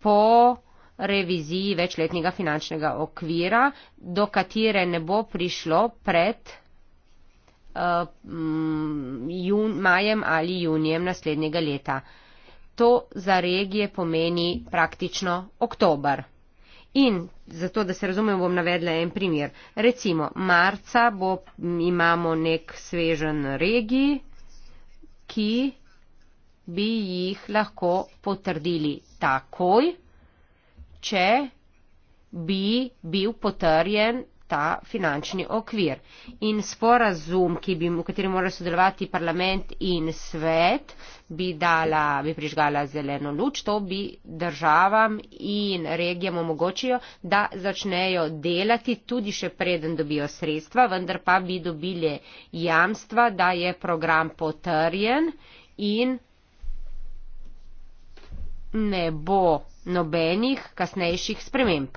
po reviziji večletnega finančnega okvira, do katere ne bo prišlo pred Eh, jun, majem ali junijem naslednjega leta. To za regije pomeni praktično oktober. In zato, da se razumem, bom navedla en primer. Recimo, marca bo, imamo nek svežen regiji, ki bi jih lahko potrdili takoj, če bi bil potrjen ta finančni okvir. In sporazum, bi, v katerem morajo sodelovati parlament in svet, bi, dala, bi prižgala zeleno luč, to bi državam in regijam omogočilo, da začnejo delati tudi še preden dobijo sredstva, vendar pa bi dobili jamstva, da je program potrjen in ne bo nobenih kasnejših sprememb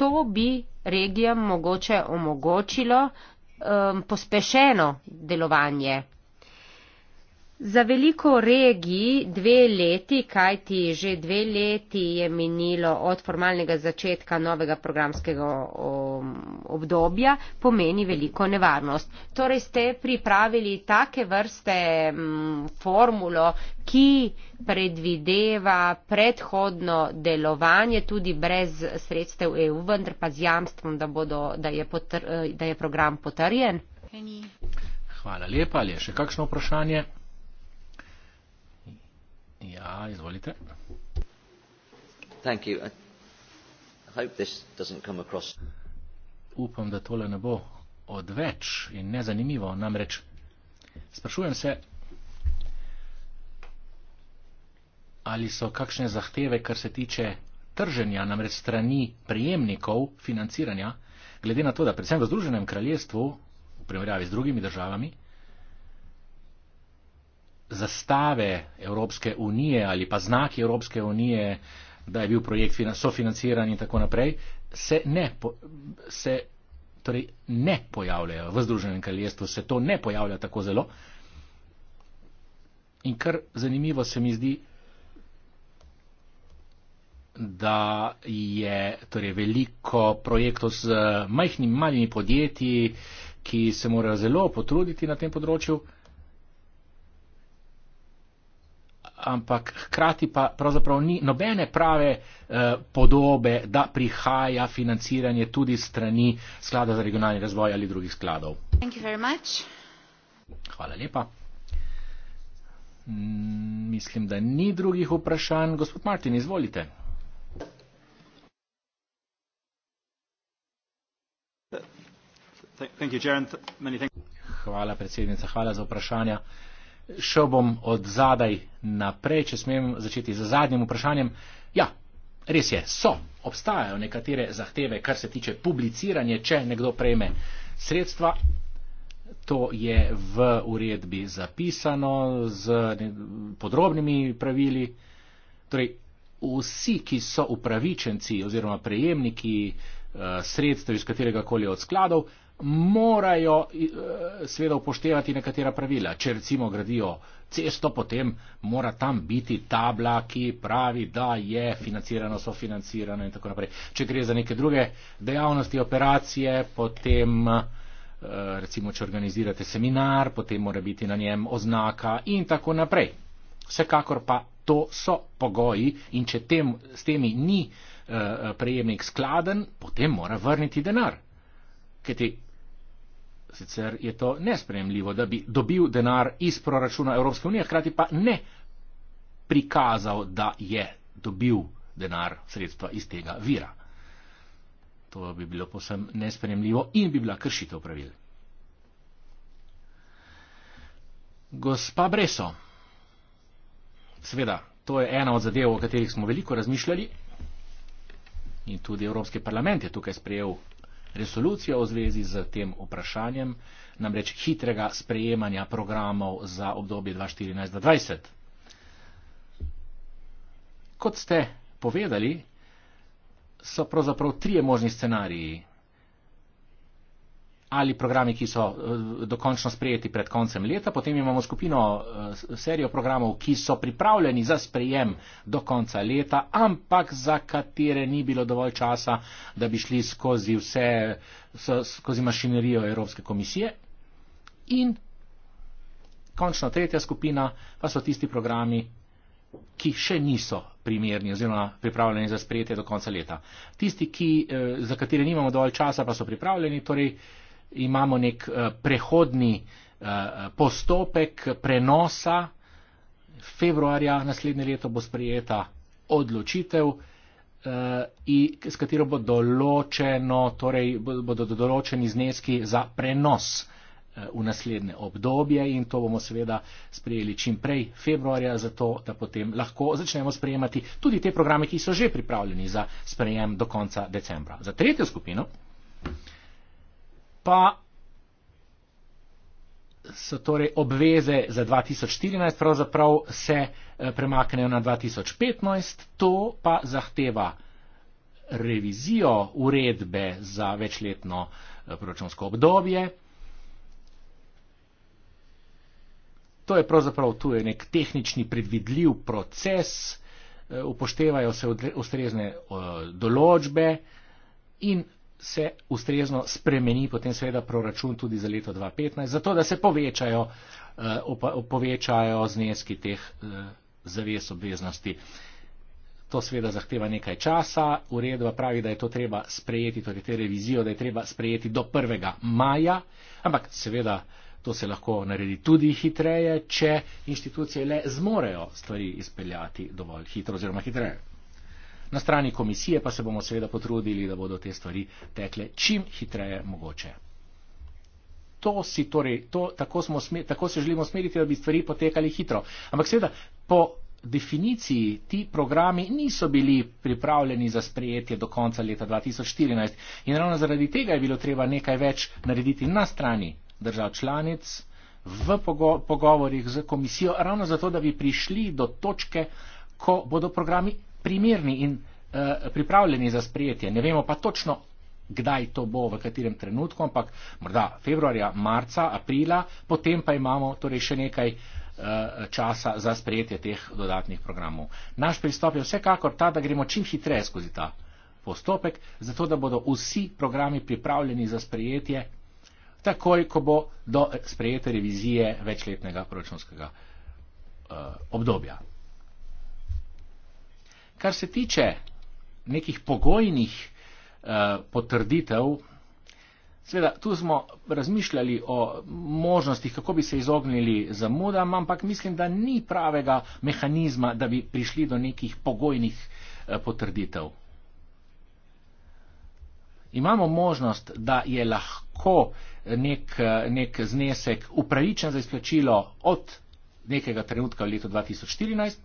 to bi regijam mogoče omogočilo um, pospešeno delovanje. Za veliko regij dve leti, kajti že dve leti je minilo od formalnega začetka novega programskega um, obdobja, pomeni veliko nevarnost. Torej ste pripravili take vrste um, formulo, ki predvideva predhodno delovanje tudi brez sredstev EU, vendar pa z jamstvom, da, bodo, da, je, potr, da je program potrjen. Hvala lepa, ali je še kakšno vprašanje? Ja, izvolite. Thank you. I hope this doesn't come across. Upam, da tole ne bo odveč in nezanimivo. Namreč sprašujem se, ali so kakšne zahteve, kar se tiče trženja, namreč strani prijemnikov financiranja, glede na to, da predvsem v Združenem kraljestvu, v primerjavi z drugimi državami, zastave Evropske unije ali pa znaki Evropske unije, da je bil projekt sofinanciran in tako naprej, se ne, se, torej ne pojavljajo v Združenem kraljestvu, se to ne pojavlja tako zelo. In kar zanimivo se mi zdi, da je torej, veliko projektov z majhnimi, malimi podjetji, ki se morajo zelo potruditi na tem področju, ampak hkrati pa pravzaprav ni nobene prave eh, podobe, da prihaja financiranje tudi strani sklada za regionalni razvoj ali drugih skladov. Hvala lepa. Mm, mislim, da ni drugih vprašanj. Gospod Martin, izvolite. Hvala predsednica, hvala za vprašanja. Šel bom od zadaj naprej, če smem začeti z zadnjim vprašanjem. Ja, res je, so, obstajajo nekatere zahteve, kar se tiče publiciranja, če nekdo prejme sredstva. To je v uredbi zapisano z podrobnimi pravili. Torej, vsi, ki so upravičenci oziroma prejemniki eh, sredstev iz katerega koli od skladov, morajo eh, seveda upoštevati nekatera pravila. Če recimo gradijo cesto, potem mora tam biti tabla, ki pravi, da je financirano, so financirano in tako naprej. Če gre za neke druge dejavnosti, operacije, potem eh, recimo, če organizirate seminar, potem mora biti na njem oznaka in tako naprej. Vsekakor pa to so pogoji in če tem, s temi ni eh, prejemnik skladen, potem mora vrniti denar. Kajti sicer je to nespremljivo, da bi dobil denar iz proračuna Evropske unije, hkrati pa ne prikazal, da je dobil denar sredstva iz tega vira. To bi bilo posem nespremljivo in bi bila kršitev pravil. Gospa Breso, sveda, to je ena od zadev, o katerih smo veliko razmišljali in tudi Evropski parlament je tukaj sprejel resolucijo v zvezi z tem vprašanjem, namreč hitrega sprejemanja programov za obdobje 2014-2020. Kot ste povedali, so pravzaprav trije možni scenariji ali programi, ki so eh, dokončno sprejeti pred koncem leta, potem imamo skupino, eh, serijo programov, ki so pripravljeni za sprejem do konca leta, ampak za katere ni bilo dovolj časa, da bi šli skozi vse, skozi mašinerijo Evropske komisije. In končno tretja skupina pa so tisti programi, ki še niso primerni oziroma pripravljeni za sprejetje do konca leta. Tisti, ki, eh, za katere nimamo dovolj časa, pa so pripravljeni, torej imamo nek uh, prehodni uh, postopek prenosa. Februarja naslednje leto bo sprijeta odločitev, uh, eh, in, s katero bo določeno, torej bodo določeni zneski za prenos v naslednje obdobje in to bomo seveda sprejeli čim prej februarja, zato da potem lahko začnemo sprejemati tudi te programe, ki so že pripravljeni za sprejem do konca decembra. Za tretjo skupino pa so torej obveze za 2014, pravzaprav se eh, premaknejo na 2015, to pa zahteva revizijo uredbe za večletno eh, proračunsko obdobje. To je pravzaprav tu je nek tehnični predvidljiv proces, eh, upoštevajo se ustrezne določbe in se ustrezno spremeni potem seveda proračun tudi za leto 2015, zato da se povečajo, eh, opa, povečajo zneski teh eh, zavez obveznosti. To seveda zahteva nekaj časa, uredba pravi, da je to treba sprejeti, torej te revizijo, da je treba sprejeti do 1. maja, ampak seveda to se lahko naredi tudi hitreje, če inštitucije le zmorejo stvari izpeljati dovolj hitro oziroma hitreje. Na strani komisije pa se bomo seveda potrudili, da bodo te stvari tekle čim hitreje mogoče. To si torej, to, tako, smo, tako se želimo smeriti, da bi stvari potekali hitro. Ampak seveda, po definiciji ti programi niso bili pripravljeni za sprejetje do konca leta 2014 in ravno zaradi tega je bilo treba nekaj več narediti na strani držav članic v pogo pogovorih z komisijo, ravno zato, da bi prišli do točke, ko bodo programi primerni in uh, pripravljeni za sprejetje. Ne vemo pa točno, kdaj to bo, v katerem trenutku, ampak morda februarja, marca, aprila, potem pa imamo torej še nekaj eh, časa za sprejetje teh dodatnih programov. Naš pristop je vsekakor ta, da gremo čim hitreje skozi ta postopek, zato da bodo vsi programi pripravljeni za sprejetje, takoj, ko bo do eh, sprejete revizije večletnega proračunskega uh, obdobja kar se tiče nekih pogojnih eh, potrditev, seveda tu smo razmišljali o možnostih, kako bi se izognili zamudam, ampak mislim, da ni pravega mehanizma, da bi prišli do nekih pogojnih eh, potrditev. Imamo možnost, da je lahko nek, eh, nek znesek upravičen za izplačilo od nekega trenutka v letu 2014.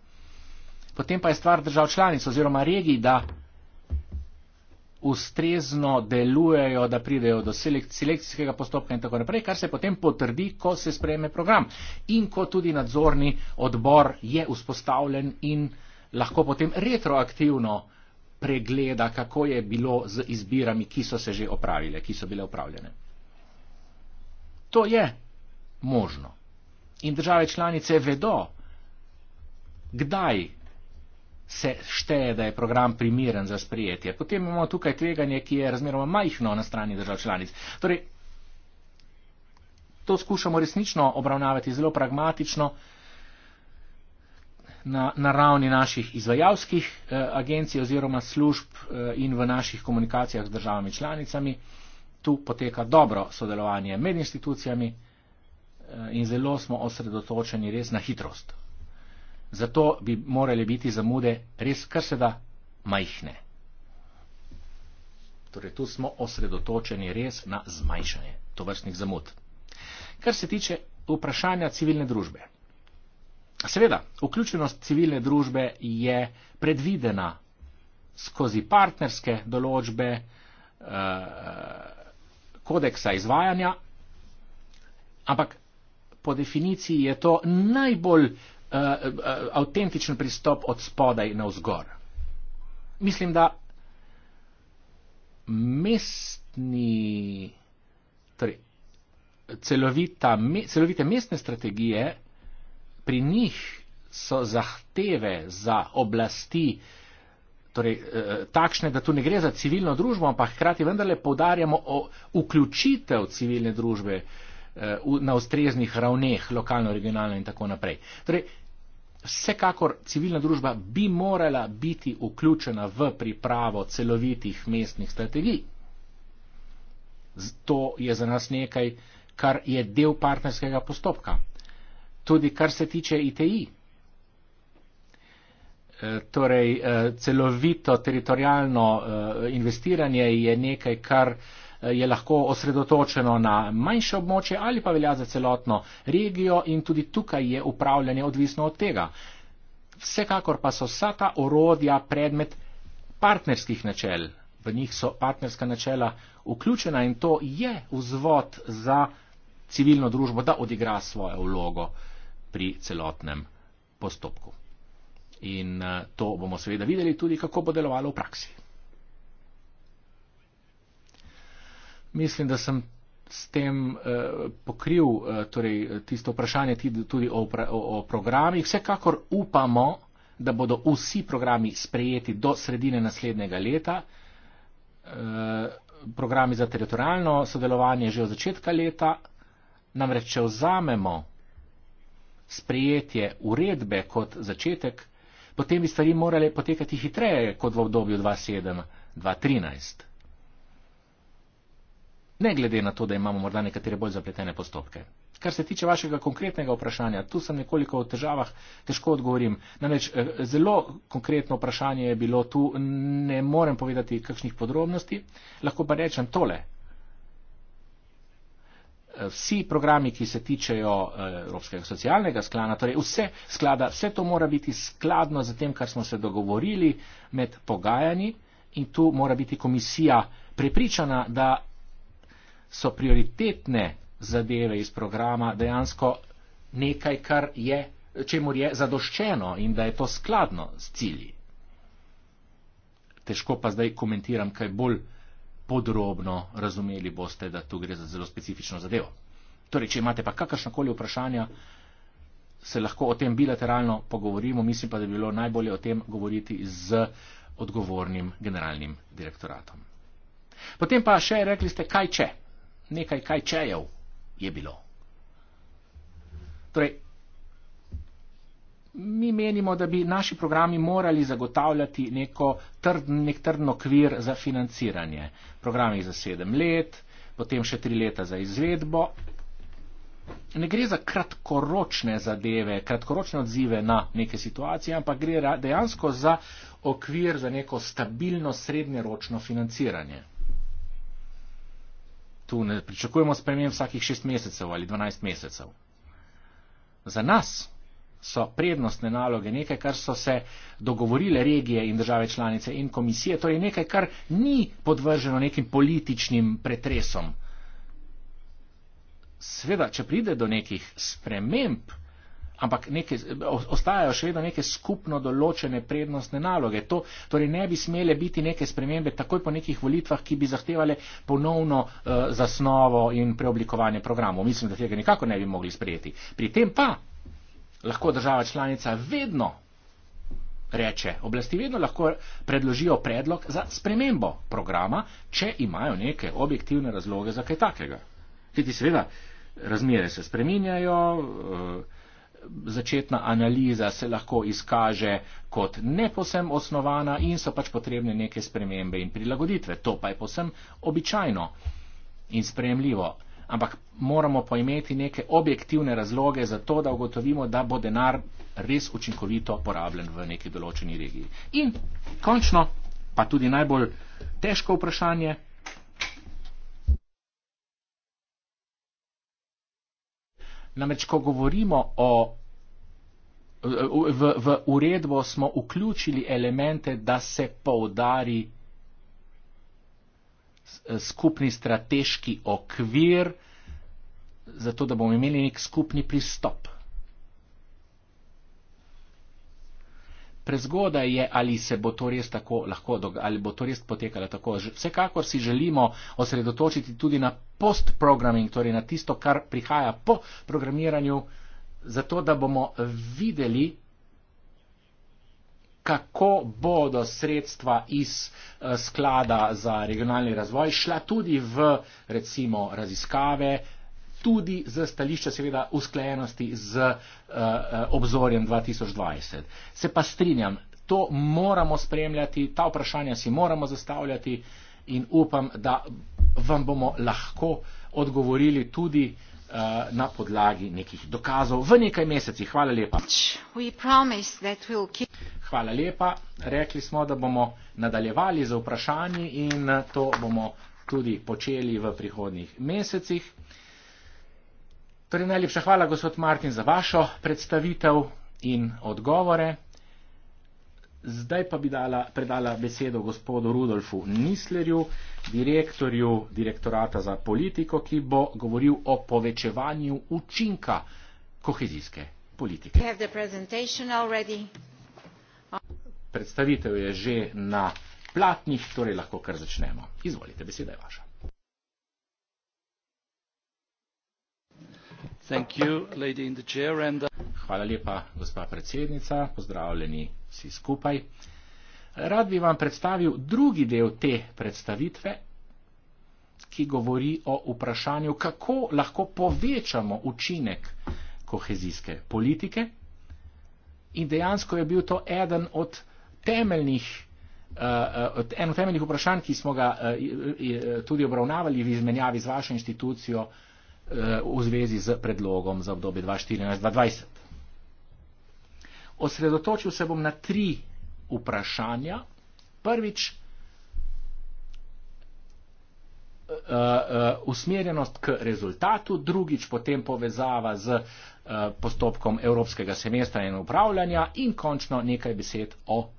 Potem pa je stvar držav članic oziroma regij, da ustrezno delujejo, da pridejo do selekcijskega postopka in tako naprej, kar se potem potrdi, ko se sprejme program in ko tudi nadzorni odbor je vzpostavljen in lahko potem retroaktivno pregleda, kako je bilo z izbirami, ki so se že opravile, ki so bile opravljene. To je možno. In države članice vedo, kdaj se šteje, da je program primeren za sprijetje. Potem imamo tukaj tveganje, ki je razmeroma majhno na strani držav članic. Torej, to skušamo resnično obravnavati zelo pragmatično na, na ravni naših izvajalskih eh, agencij oziroma služb eh, in v naših komunikacijah z državami članicami. Tu poteka dobro sodelovanje med institucijami eh, in zelo smo osredotočeni res na hitrost zato bi morali biti zamude res kar se da majhne. Torej, tu smo osredotočeni res na zmanjšanje tovrstnih zamud. Kar se tiče vprašanja civilne družbe. Seveda, vključenost civilne družbe je predvidena skozi partnerske določbe eh, kodeksa izvajanja, ampak po definiciji je to najbolj Eh, eh, avtentičen pristop od spodaj na vzgor. Mislim, da mestni, torej, me, celovite mestne strategije pri njih so zahteve za oblasti torej, eh, takšne, da tu ne gre za civilno družbo, ampak hkrati vendarle poudarjamo o vključitev civilne družbe na ustreznih ravneh, lokalno, regionalno in tako naprej. Torej, Vsekakor civilna družba bi morala biti vključena v pripravo celovitih mestnih strategij. To je za nas nekaj, kar je del partnerskega postopka. Tudi kar se tiče ITI. E, torej, e, celovito teritorijalno e, investiranje je nekaj, kar. Eh, je lahko osredotočeno na manjše območje ali pa velja za celotno regijo in tudi tukaj je upravljanje odvisno od tega. Vsekakor pa so vsa ta orodja predmet partnerskih načel. V njih so partnerska načela vključena in to je vzvod za civilno družbo, da odigra svojo vlogo pri celotnem postopku. In eh, to bomo seveda videli tudi, kako bo delovalo v praksi. Mislim, da sem s tem eh, pokril eh, torej, tisto vprašanje tudi o, o, o programih. Vsekakor upamo, da bodo vsi programi sprejeti do sredine naslednjega leta. Eh, programi za teritorijalno sodelovanje že od začetka leta. Namreč, če vzamemo sprejetje uredbe kot začetek, potem bi stvari morale potekati hitreje kot v obdobju 2007-2013 ne glede na to, da imamo morda nekatere bolj zapletene postopke. Kar se tiče vašega konkretnega vprašanja, tu sem nekoliko v težavah, težko odgovorim. Namreč eh, zelo konkretno vprašanje je bilo tu, ne morem povedati kakšnih podrobnosti, lahko pa rečem tole. Eh, vsi programi, ki se tičejo eh, Evropskega socialnega sklada, torej vse sklada, vse to mora biti skladno z tem, kar smo se dogovorili med pogajanji in tu mora biti komisija prepričana, da so prioritetne zadeve iz programa dejansko nekaj, kar je, čemu je zadoščeno in da je to skladno s cilji. Težko pa zdaj komentiram, kaj bolj podrobno razumeli boste, da tu gre za zelo specifično zadevo. Torej, če imate pa kakršnakoli vprašanja, se lahko o tem bilateralno pogovorimo, mislim pa, da bi bilo najbolje o tem govoriti z odgovornim generalnim direktoratom. Potem pa še rekli ste, kaj če, nekaj kaj čejev je bilo. Torej, mi menimo, da bi naši programi morali zagotavljati trdn, nek trden okvir za financiranje. Programi za sedem let, potem še tri leta za izvedbo. Ne gre za kratkoročne zadeve, kratkoročne odzive na neke situacije, ampak gre dejansko za okvir za neko stabilno srednjeročno financiranje tu ne pričakujemo sprememb vsakih šest mesecev ali dvanajst mesecev. Za nas so prednostne naloge nekaj, kar so se dogovorile regije in države članice in komisije, torej nekaj, kar ni podvrženo nekim političnim pretresom. Sveda, če pride do nekih sprememb ampak neke, ostajajo še vedno neke skupno določene prednostne naloge. To torej ne bi smele biti neke spremembe takoj po nekih volitvah, ki bi zahtevale ponovno uh, zasnovo in preoblikovanje programov. Mislim, da tega nikako ne bi mogli sprejeti. Pri tem pa lahko država članica vedno reče, oblasti vedno lahko predložijo predlog za spremembo programa, če imajo neke objektivne razloge za kaj takega. Kajti seveda, razmere se spreminjajo. Uh, začetna analiza se lahko izkaže kot neposem osnovana in so pač potrebne neke spremembe in prilagoditve. To pa je posem običajno in sprejemljivo. Ampak moramo poimeti neke objektivne razloge za to, da ugotovimo, da bo denar res učinkovito porabljen v neki določeni regiji. In končno, pa tudi najbolj težko vprašanje, Namreč, ko govorimo o. V, v uredbo smo vključili elemente, da se poudari skupni strateški okvir, zato da bomo imeli nek skupni pristop. prezgodaj je, ali se bo to res tako lahko, ali bo to res potekalo tako. Vsekakor si želimo osredotočiti tudi na postprogramming, torej na tisto, kar prihaja po programiranju, zato da bomo videli, kako bodo sredstva iz eh, sklada za regionalni razvoj šla tudi v recimo raziskave, tudi z stališča seveda usklajenosti z eh, eh, obzorjem 2020. Se pa strinjam, to moramo spremljati, ta vprašanja si moramo zastavljati in upam, da vam bomo lahko odgovorili tudi eh, na podlagi nekih dokazov v nekaj mesecih. Hvala lepa. Hvala lepa. Rekli smo, da bomo nadaljevali z vprašanji in to bomo tudi počeli v prihodnih mesecih. Torej, najlepša hvala, gospod Martin, za vašo predstavitev in odgovore. Zdaj pa bi dala, predala besedo gospodu Rudolfu Nislerju, direktorju direktorata za politiko, ki bo govoril o povečevanju učinka kohezijske politike. Predstavitev je že na platnih, torej lahko kar začnemo. Izvolite, beseda je vaša. Uh, rad bi vam predstavil drugi del te predstavitve, ki govori o vprašanju, kako lahko povečamo učinek kohezijske politike. In dejansko je bil to eden od temeljnih, eh, eh, eno temeljnih vprašanj, ki smo ga eh, tudi obravnavali v izmenjavi z vašo inštitucijo v zvezi z predlogom za obdobje 2014-2020. Osredotočil se bom na tri vprašanja. Prvič, eh, eh, usmerjenost k rezultatu, drugič potem povezava z eh, postopkom evropskega semestra in upravljanja in končno nekaj besed o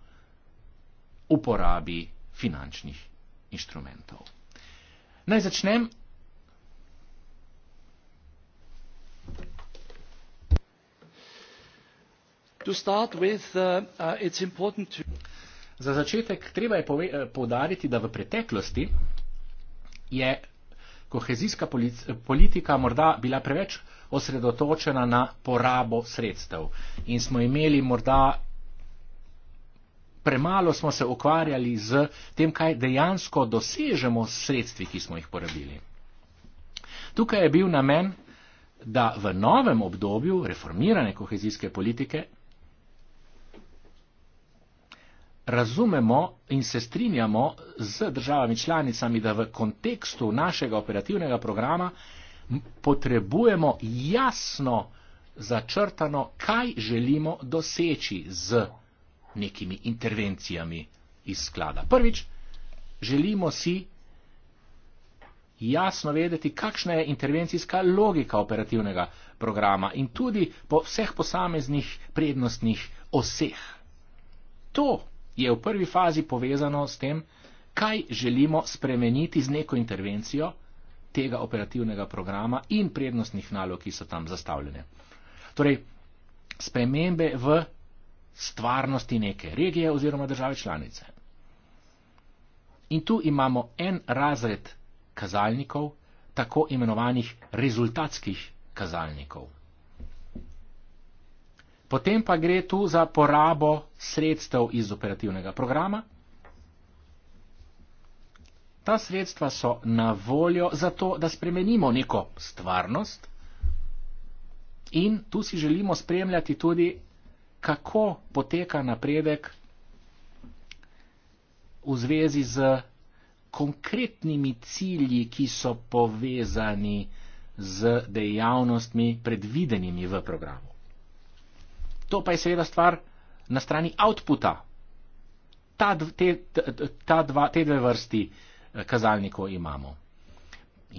uporabi finančnih inštrumentov. Naj začnem Uh, uh, Za začetek treba je povdariti, eh, da v preteklosti je kohezijska politika morda bila preveč osredotočena na porabo sredstev in smo imeli morda premalo smo se ukvarjali z tem, kaj dejansko dosežemo s sredstvi, ki smo jih porabili. Tukaj je bil namen, da v novem obdobju reformirane kohezijske politike razumemo in se strinjamo z državami članicami, da v kontekstu našega operativnega programa potrebujemo jasno začrtano, kaj želimo doseči z nekimi intervencijami iz sklada. Prvič, želimo si jasno vedeti, kakšna je intervencijska logika operativnega programa in tudi po vseh posameznih prednostnih oseh. To, je v prvi fazi povezano s tem, kaj želimo spremeniti z neko intervencijo tega operativnega programa in prednostnih nalog, ki so tam zastavljene. Torej, spremembe v stvarnosti neke regije oziroma države članice. In tu imamo en razred kazalnikov, tako imenovanih rezultatskih kazalnikov. Potem pa gre tu za porabo sredstev iz operativnega programa. Ta sredstva so na voljo za to, da spremenimo neko stvarnost in tu si želimo spremljati tudi, kako poteka napredek v zvezi z konkretnimi cilji, ki so povezani z dejavnostmi predvidenimi v programu. To pa je seveda stvar na strani outputa. Ta, te, ta dva, te dve vrsti eh, kazalnikov imamo.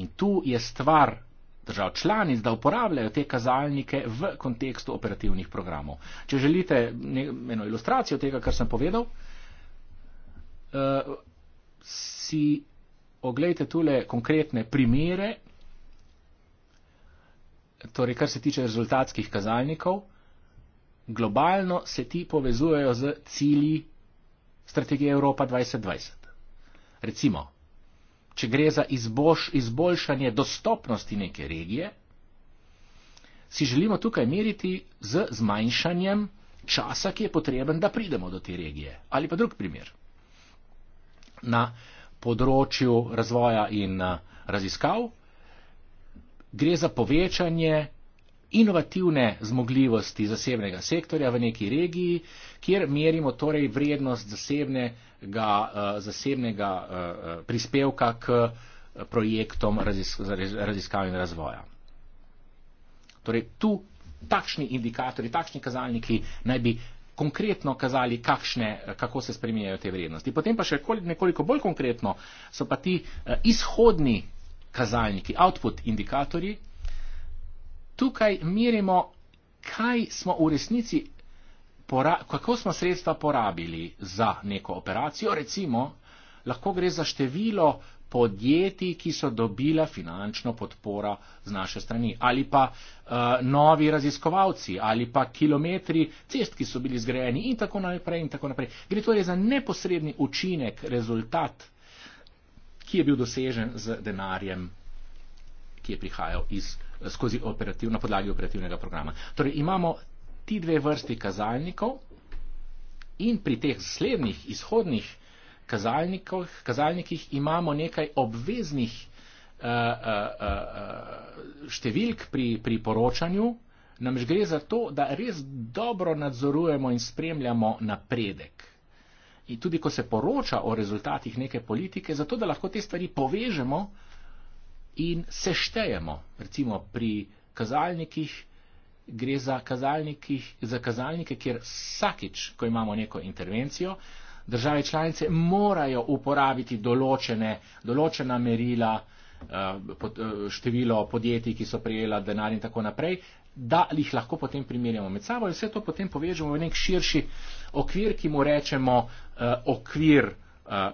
In tu je stvar držav članic, da uporabljajo te kazalnike v kontekstu operativnih programov. Če želite ne, eno ilustracijo tega, kar sem povedal, eh, si oglejte tule konkretne primere, torej kar se tiče rezultatskih kazalnikov globalno se ti povezujejo z cilji strategije Evropa 2020. Recimo, če gre za izboš, izboljšanje dostopnosti neke regije, si želimo tukaj meriti z zmanjšanjem časa, ki je potreben, da pridemo do te regije. Ali pa drug primer. Na področju razvoja in eh, raziskav gre za povečanje inovativne zmogljivosti zasebnega sektorja v neki regiji, kjer merimo torej vrednost zasebnega, eh, zasebnega eh, prispevka k eh, projektom raziskav in razvoja. Torej, tu takšni indikatorji, takšni kazalniki naj bi konkretno kazali, kakšne, kako se spremenjajo te vrednosti. Potem pa še nekoliko bolj konkretno so pa ti izhodni kazalniki, output indikatorji, tukaj merimo, kaj smo v resnici, kako smo sredstva porabili za neko operacijo. Recimo, lahko gre za število podjetij, ki so dobila finančno podporo z naše strani, ali pa uh, novi raziskovalci, ali pa kilometri cest, ki so bili zgrajeni in tako naprej in tako naprej. Gre torej za neposredni učinek, rezultat, ki je bil dosežen z denarjem, ki je prihajal iz skozi operativ, na podlagi operativnega programa. Torej imamo ti dve vrsti kazalnikov in pri teh slednjih izhodnih kazalnikih imamo nekaj obveznih uh, uh, uh, številk pri, pri poročanju. Namž gre za to, da res dobro nadzorujemo in spremljamo napredek. In tudi, ko se poroča o rezultatih neke politike, zato da lahko te stvari povežemo uh, in seštejemo. Recimo pri kazalnikih gre za, za kazalnike, kjer vsakič, ko imamo neko intervencijo, države članice morajo uporabiti določene, določena merila, eh, eh, število podjetij, ki so prijela denar in tako naprej da jih lahko potem primerjamo med sabo in vse to potem povežemo v nek širši okvir, ki mu rečemo uh, okvir uh, Eh,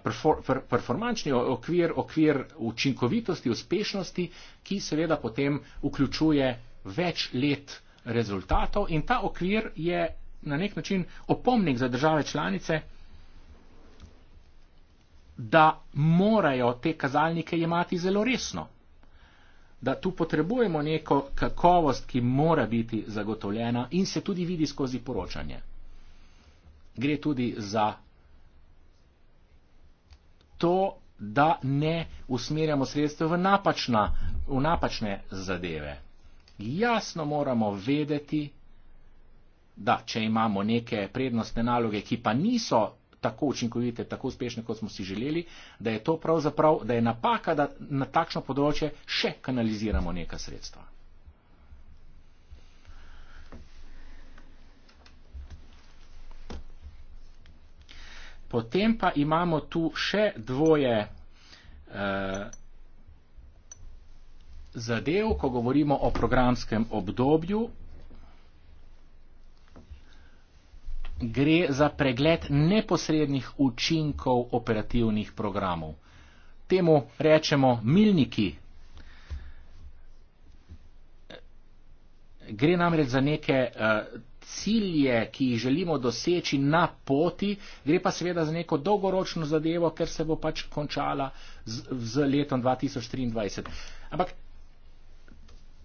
performančni okvir, okvir učinkovitosti, uspešnosti, ki seveda potem vključuje več let rezultatov in ta okvir je na nek način opomnik za države članice, da morajo te kazalnike jemati zelo resno. Da tu potrebujemo neko kakovost, ki mora biti zagotovljena in se tudi vidi skozi poročanje. Gre tudi za to, da ne usmerjamo sredstva v, napačna, v napačne zadeve. Jasno moramo vedeti, da če imamo neke prednostne naloge, ki pa niso tako učinkovite, tako uspešne, kot smo si želeli, da je to pravzaprav, da je napaka, da na takšno področje še kanaliziramo neka sredstva. Potem pa imamo tu še dvoje eh, zadev, ko govorimo o programskem obdobju. Gre za pregled neposrednih učinkov operativnih programov. Temu rečemo milniki. Gre namreč za neke eh, cilje, ki jih želimo doseči na poti, gre pa seveda za neko dolgoročno zadevo, ker se bo pač končala z, z letom 2023. Ampak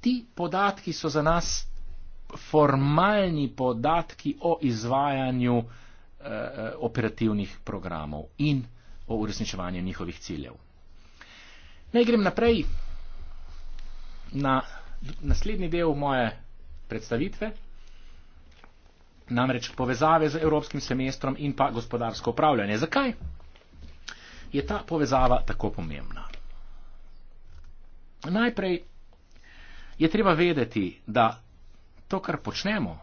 ti podatki so za nas formalni podatki o izvajanju eh, eh, operativnih programov in o uresničevanju njihovih ciljev. Naj grem naprej na naslednji del moje predstavitve namreč povezave z evropskim semestrom in pa gospodarsko upravljanje. Zakaj je ta povezava tako pomembna? Najprej je treba vedeti, da to, kar počnemo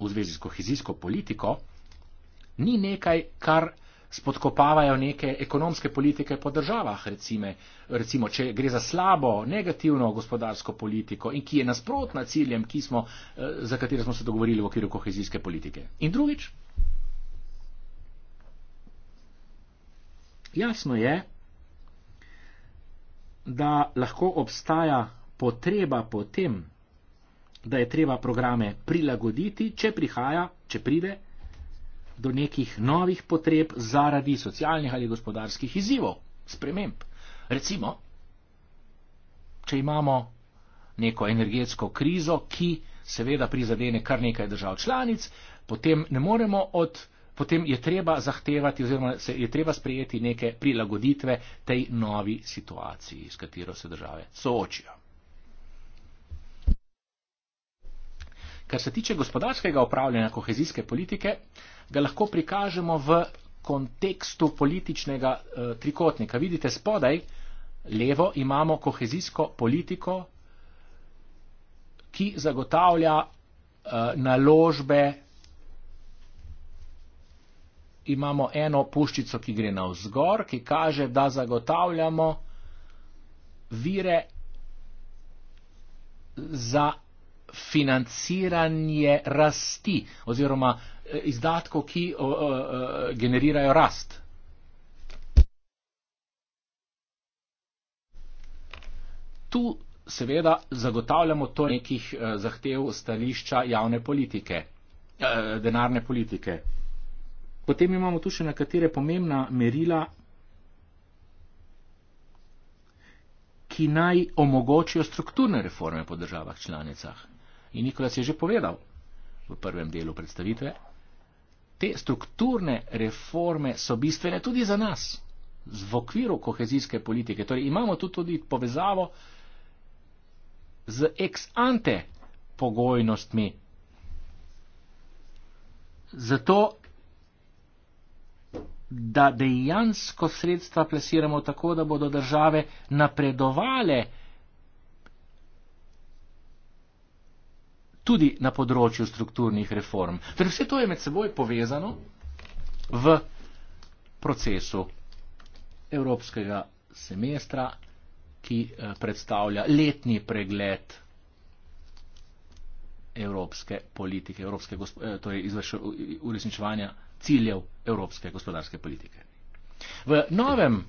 v zvezi s kohezijsko politiko, ni nekaj, kar spodkopavajo neke ekonomske politike po državah, recime, recimo, če gre za slabo, negativno gospodarsko politiko in ki je nasprotna ciljem, smo, eh, za katere smo se dogovorili v okviru kohezijske politike. In drugič, jasno je, da lahko obstaja potreba po tem, da je treba programe prilagoditi, če prihaja, če pride do nekih novih potreb zaradi socialnih ali gospodarskih izzivov, sprememb. Recimo, če imamo neko energetsko krizo, ki seveda prizadene kar nekaj držav članic, potem ne moremo od. Potem je treba zahtevati oziroma se je treba sprejeti neke prilagoditve tej novi situaciji, s katero se države soočijo. Kar se tiče gospodarskega upravljanja kohezijske politike, ga lahko prikažemo v kontekstu političnega eh, trikotnika. Vidite spodaj, levo imamo kohezijsko politiko, ki zagotavlja eh, naložbe, imamo eno puščico, ki gre navzgor, ki kaže, da zagotavljamo vire za financiranje rasti oziroma eh, izdatkov, ki o, o, generirajo rast. Tu seveda zagotavljamo to nekih eh, zahtev stališča javne politike, eh, denarne politike. Potem imamo tu še nekatere pomembna merila, ki naj omogočijo strukturne reforme po državah članicah. In Nikolas je že povedal v prvem delu predstavitve, te strukturne reforme so bistvene tudi za nas, v okviru kohezijske politike. Torej imamo tu tudi povezavo z ex ante pogojnostmi. Zato, da dejansko sredstva plesiramo tako, da bodo države napredovale tudi na področju strukturnih reform. Torej vse to je med seboj povezano v procesu evropskega semestra, ki eh, predstavlja letni pregled evropske politike, evropske, eh, torej izvrš, uresničevanja ciljev evropske gospodarske politike. V novem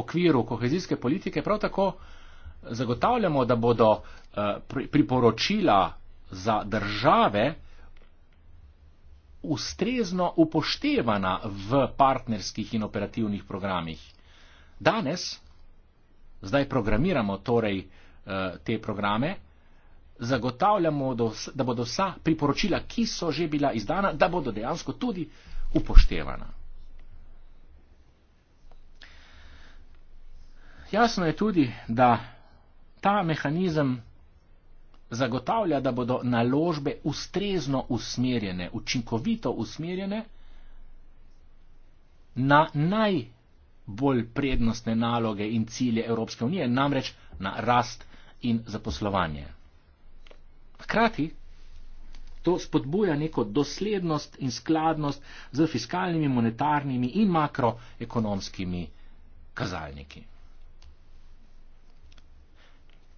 okviru kohezijske politike prav tako zagotavljamo, da bodo eh, priporočila za države ustrezno upoštevana v partnerskih in operativnih programih. Danes, zdaj programiramo torej eh, te programe, zagotavljamo, da bodo vsa priporočila, ki so že bila izdana, da bodo dejansko tudi upoštevana. Jasno je tudi, da ta mehanizem zagotavlja, da bodo naložbe ustrezno usmerjene, učinkovito usmerjene na najbolj prednostne naloge in cilje Evropske unije, namreč na rast in zaposlovanje. Hkrati to spodbuja neko doslednost in skladnost z fiskalnimi, monetarnimi in makroekonomskimi kazalniki.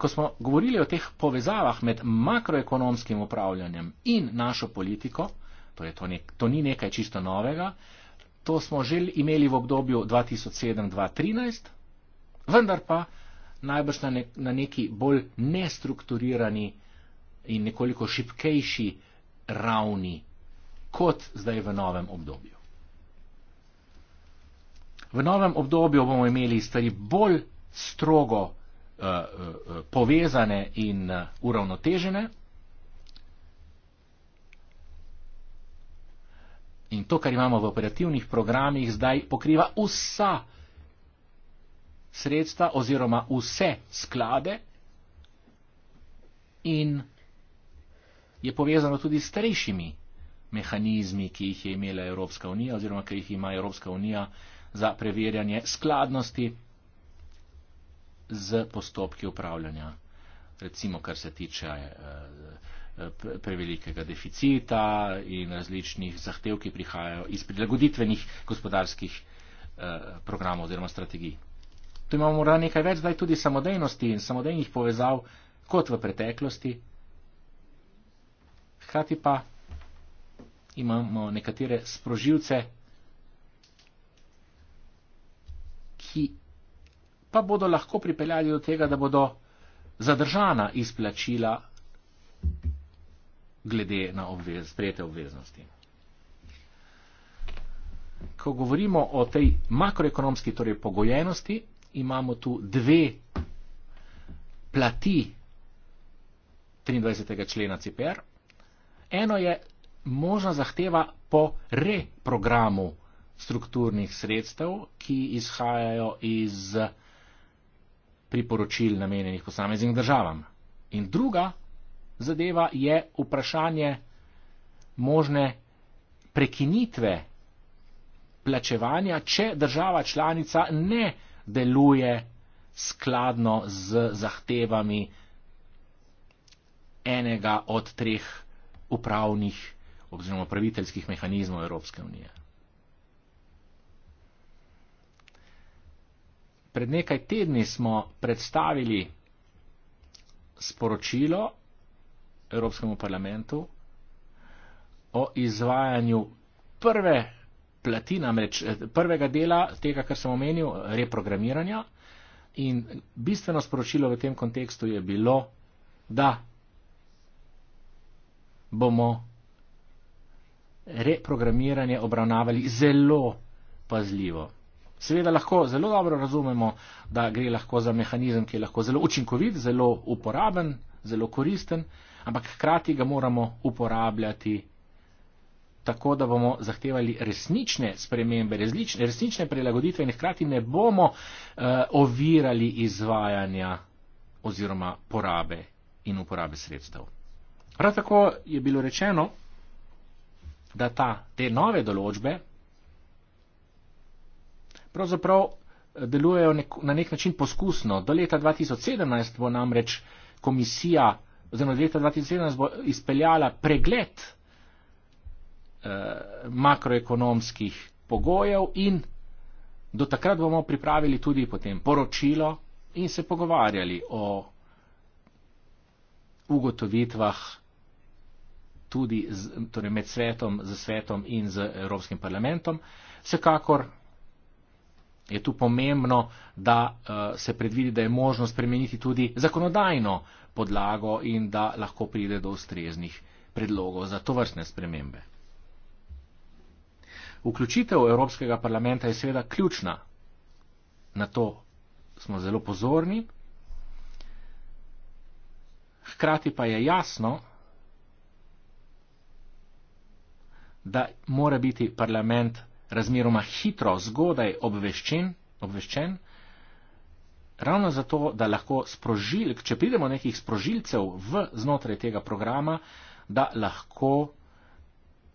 Ko smo govorili o teh povezavah med makroekonomskim upravljanjem in našo politiko, to, torej to, nek, to ni nekaj čisto novega, to smo že imeli v obdobju 2007-2013, vendar pa najbrž na, nek, na neki bolj nestrukturirani in nekoliko šipkejši ravni kot zdaj v novem obdobju. V novem obdobju bomo imeli stvari bolj strogo Eh, eh, povezane in eh, uravnotežene. In to, kar imamo v operativnih programih, zdaj pokriva vsa sredstva oziroma vse sklade in je povezano tudi s starejšimi mehanizmi, ki jih je imela Evropska unija oziroma ki jih ima Evropska unija za preverjanje skladnosti z postopki upravljanja. Recimo, kar se tiče eh, eh, prevelikega deficita in različnih zahtev, ki prihajajo iz prilagoditvenih gospodarskih eh, programov oziroma strategij. Tu imamo morda nekaj več zdaj tudi samodejnosti in samodejnih povezav kot v preteklosti. Hkrati pa imamo nekatere sprožilce, ki pa bodo lahko pripeljali do tega, da bodo zadržana izplačila glede na obvez, sprejete obveznosti. Ko govorimo o tej makroekonomski torej pogojenosti, imamo tu dve plati 23. člena CPR. Eno je možna zahteva po reprogramu strukturnih sredstev, ki izhajajo iz priporočil namenjenih posameznim državam. In druga zadeva je vprašanje možne prekinitve plačevanja, če država članica ne deluje skladno z zahtevami enega od treh upravnih oziroma praviteljskih mehanizmov Evropske unije. Pred nekaj tedni smo predstavili sporočilo Evropskemu parlamentu o izvajanju prve plati, namreč eh, prvega dela tega, kar sem omenil, reprogramiranja. In bistveno sporočilo v tem kontekstu je bilo, da bomo reprogramiranje obravnavali zelo pazljivo. Seveda lahko zelo dobro razumemo, da gre lahko za mehanizem, ki je lahko zelo učinkovit, zelo uporaben, zelo koristen, ampak hkrati ga moramo uporabljati tako, da bomo zahtevali resnične spremembe, resnične, resnične prilagoditve in hkrati ne bomo uh, ovirali izvajanja oziroma porabe in uporabe sredstev. Prav tako je bilo rečeno, da ta, te nove določbe pravzaprav eh, delujejo nek, na nek način poskusno. Do leta 2017 bo namreč komisija, oziroma do leta 2017 bo izpeljala pregled eh, makroekonomskih pogojev in do takrat bomo pripravili tudi potem poročilo in se pogovarjali o ugotovitvah tudi z, torej med svetom, z svetom in z Evropskim parlamentom. Vsekakor je tu pomembno, da eh, se predvidi, da je možno spremeniti tudi zakonodajno podlago in da lahko pride do ustreznih predlogov za to vrstne spremembe. Vključitev Evropskega parlamenta je seveda ključna. Na to smo zelo pozorni. Hkrati pa je jasno, da mora biti parlament razmeroma hitro, zgodaj obveščen, obveščen, ravno zato, da lahko sprožilk, če pridemo nekih sprožilcev v znotraj tega programa, da lahko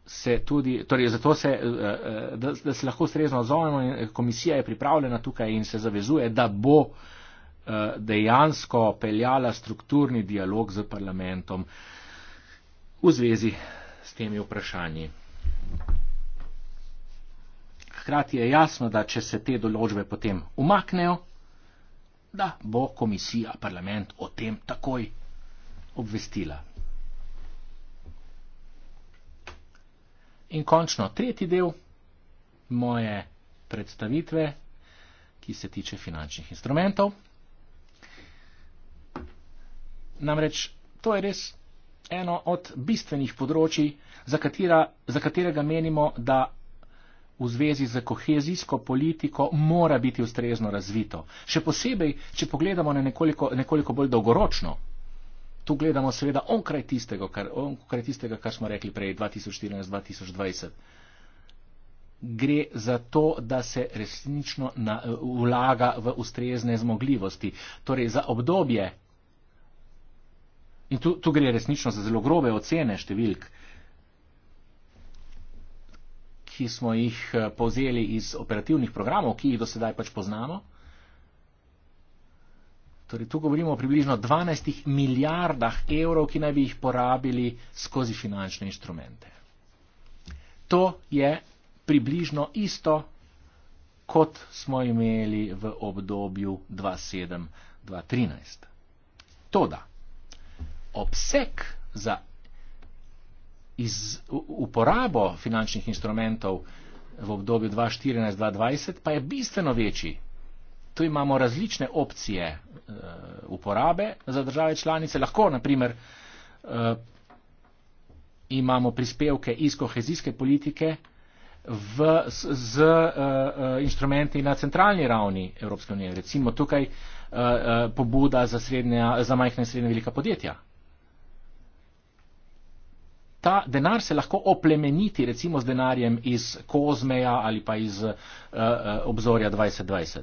se tudi, torej zato se, eh, eh, da, da se lahko strezno odzovemo in eh, komisija je pripravljena tukaj in se zavezuje, da bo dejansko peljala strukturni dialog z parlamentom v zvezi s temi vprašanji. Hkrati je jasno, da če se te določbe potem umaknejo, da bo komisija parlament o tem takoj obvestila. In končno tretji del moje predstavitve, ki se tiče finančnih instrumentov. Namreč to je res eno od bistvenih področji, za, katera, za katerega menimo, da v zvezi z kohezijsko politiko mora biti ustrezno razvito. Še posebej, če pogledamo na nekoliko, nekoliko bolj dolgoročno. Tu gledamo seveda onkraj tistega, kar, onkraj tistega, kar smo rekli prej 2014-2020. Gre za to, da se resnično na, vlaga v ustrezne zmogljivosti. Torej za obdobje. In tu, tu gre resnično za zelo grobe ocene številk ki smo jih eh, povzeli iz operativnih programov, ki jih do sedaj pač poznamo. Torej, tu govorimo o približno 12 milijardah evrov, ki naj bi jih porabili skozi finančne inštrumente. To je približno isto, kot smo imeli v obdobju 2007-2013. Toda, obseg za iz uporabo finančnih instrumentov v obdobju 2014-2020 pa je bistveno večji. Tu imamo različne opcije uh, uporabe za države članice. Lahko, naprimer, uh, eh, imamo prispevke iz kohezijske politike v, z, z uh, eh, uh, instrumenti na centralni ravni Evropske unije. Recimo tukaj uh, uh, pobuda za, srednja, za majhne in srednje velika podjetja ta denar se lahko oplemeniti recimo z denarjem iz Kozmeja ali pa iz uh, obzorja 2020.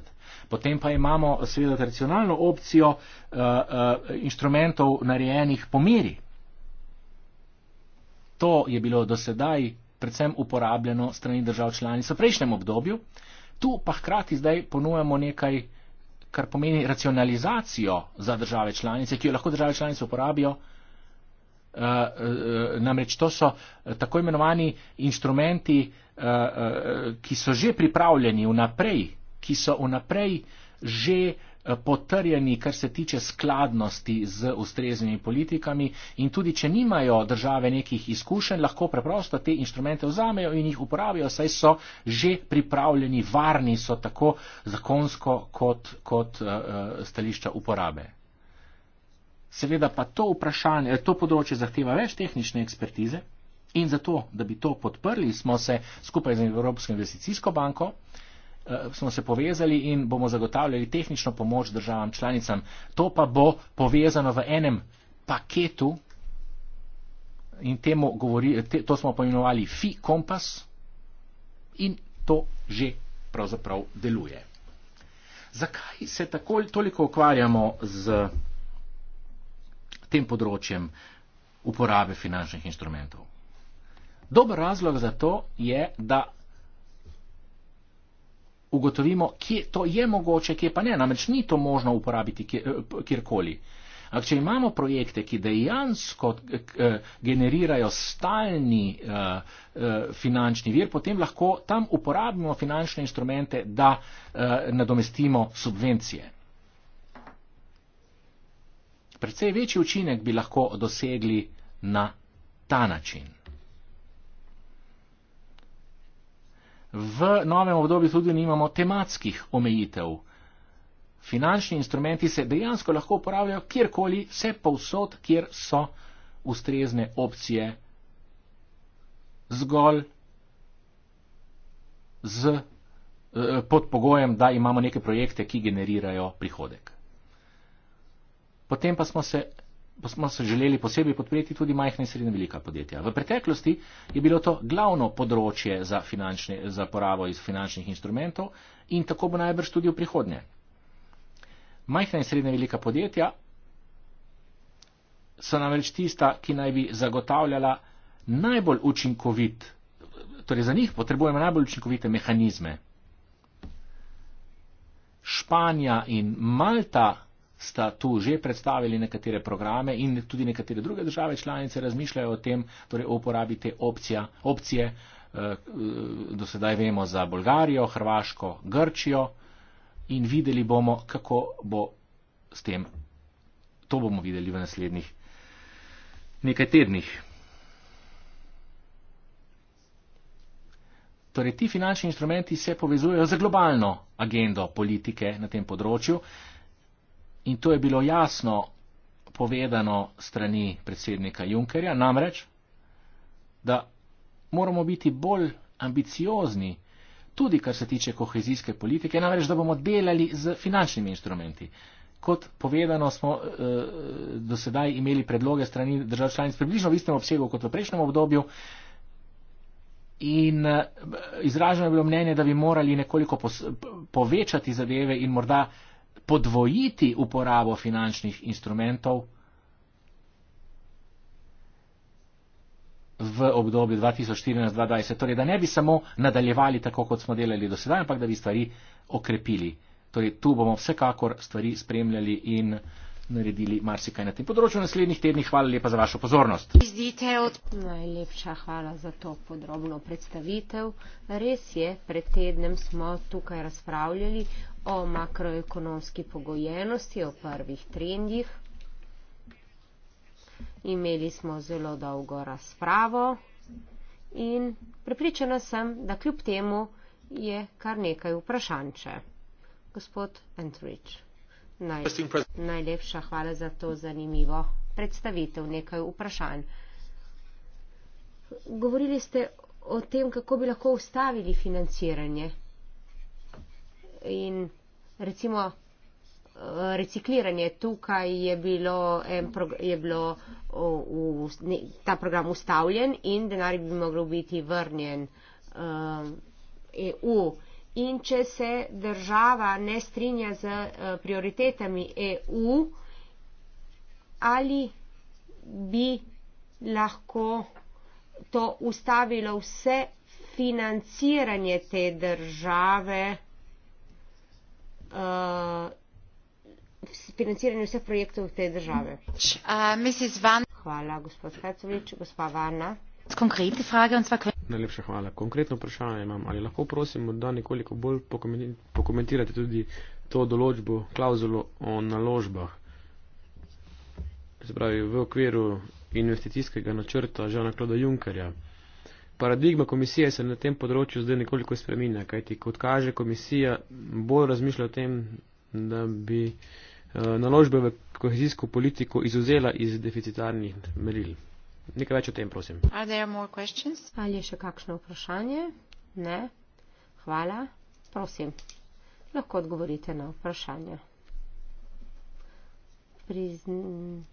Potem pa imamo seveda tradicionalno opcijo uh, uh, inštrumentov narejenih po meri. To je bilo do sedaj predvsem uporabljeno strani držav članic v prejšnjem obdobju. Tu pa hkrati zdaj ponujamo nekaj, kar pomeni racionalizacijo za države članice, ki jo lahko države članice uporabijo. Eh, eh, namreč to so eh, tako imenovani instrumenti, ki so že pripravljeni vnaprej, ki so vnaprej že potrjeni, kar se tiče skladnosti z ustreznimi politikami in tudi, če nimajo države nekih izkušenj, lahko preprosto te instrumente vzamejo in jih uporabijo, saj so že pripravljeni, varni so tako zakonsko kot, kot uh, stališča uporabe. Seveda pa to vprašanje, to področje zahteva več tehnične ekspertize in zato, da bi to podprli, smo se skupaj z Evropsko investicijsko banko eh, smo se povezali in bomo zagotavljali tehnično pomoč državam članicam. To pa bo povezano v enem paketu in temu govori, te, to smo pojmenovali FI kompas in to že pravzaprav deluje. Zakaj se tako toliko ukvarjamo z tem področjem uporabe finančnih instrumentov. Dober razlog za to je, da ugotovimo, kje to je mogoče, kje pa ne. Namreč ni to možno uporabiti eh, kjerkoli. Ak, če imamo projekte, ki dejansko eh, generirajo stalni eh, finančni vir, potem lahko tam uporabimo finančne instrumente, da nadomestimo subvencije. Predvsej večji učinek bi lahko dosegli na ta način. V novem obdobju tudi nimamo tematskih omejitev. Finančni instrumenti se dejansko lahko uporabljajo kjerkoli, vse povsod, kjer so ustrezne opcije zgolj z, eh, pod pogojem, da imamo neke projekte, ki generirajo prihodek. Potem pa smo se, pa smo se želeli posebej podpreti tudi majhne in srednje velika podjetja. V preteklosti je bilo to glavno področje za, finančne, za porabo iz finančnih instrumentov in tako bo najbrž tudi v prihodnje. Majhna in srednja velika podjetja so namreč tista, ki naj bi zagotavljala najbolj učinkovit, torej za njih potrebujemo najbolj učinkovite mehanizme. Španija in Malta sta tu že predstavili nekatere programe in tudi nekatere druge države članice razmišljajo o tem, torej o uporabi te opcija, opcije. Eh, eh, do sedaj vemo za Bolgarijo, Hrvaško, Grčijo in videli bomo, kako bo s tem. To bomo videli v naslednjih nekaj tednih. Torej, ti finančni instrumenti se povezujejo z globalno agendo politike na tem področju, In to je bilo jasno povedano strani predsednika Junkerja, namreč, da moramo biti bolj ambiciozni, tudi kar se tiče kohezijske politike, namreč, da bomo delali z finančnimi instrumenti. Kot povedano, smo eh, do sedaj imeli predloge strani držav članic približno v istem obsegu kot v prejšnjem obdobju in eh, izraženo je bilo mnenje, da bi morali nekoliko pos, povečati zadeve in morda eh, podvojiti uporabo finančnih instrumentov v obdobju 2014-2020. Torej, da ne bi samo nadaljevali tako, kot smo delali do sedaj, ampak da bi stvari okrepili. Torej, tu bomo vsekakor stvari spremljali in naredili marsikaj na tem področju. V naslednjih tednih hvala lepa za vašo pozornost. Zdite od... Najlepša hvala za to podrobno predstavitev. Res je, pred tednem smo tukaj razpravljali o makroekonomski pogojenosti, o prvih trendih. Imeli smo zelo dolgo razpravo in prepričana sem, da kljub temu je kar nekaj vprašanj če. Gospod Entrich, naj, najlepša hvala za to zanimivo predstavitev, nekaj vprašanj. Govorili ste o tem, kako bi lahko ustavili financiranje in recimo eh, recikliranje tukaj je bilo, prog je bilo v, v, ne, ta program ustavljen in denar bi mogel biti vrnjen uh, eh, EU. In če se država ne strinja z uh, prioritetami EU, ali bi lahko to ustavilo vse financiranje te države? uh, financiranje vseh projektov te države. Uh, hvala, gospod Hrcevič, gospa Varna. Najlepša hvala. Konkretno vprašanje imam. Ali lahko prosim, da nekoliko bolj pokomentirate tudi to določbo, klauzulo o naložbah? Se pravi, v okviru investicijskega načrta Žana Kloda Junkerja paradigma komisije se na tem področju zdaj nekoliko spremenja, kajti kot kaže komisija bolj razmišlja o tem, da bi eh, naložbe v kohezijsko politiko izuzela iz deficitarnih meril. Nekaj več o tem, prosim. Ali je še kakšno vprašanje? Ne. Hvala. Prosim, lahko odgovorite na vprašanje. Prizn...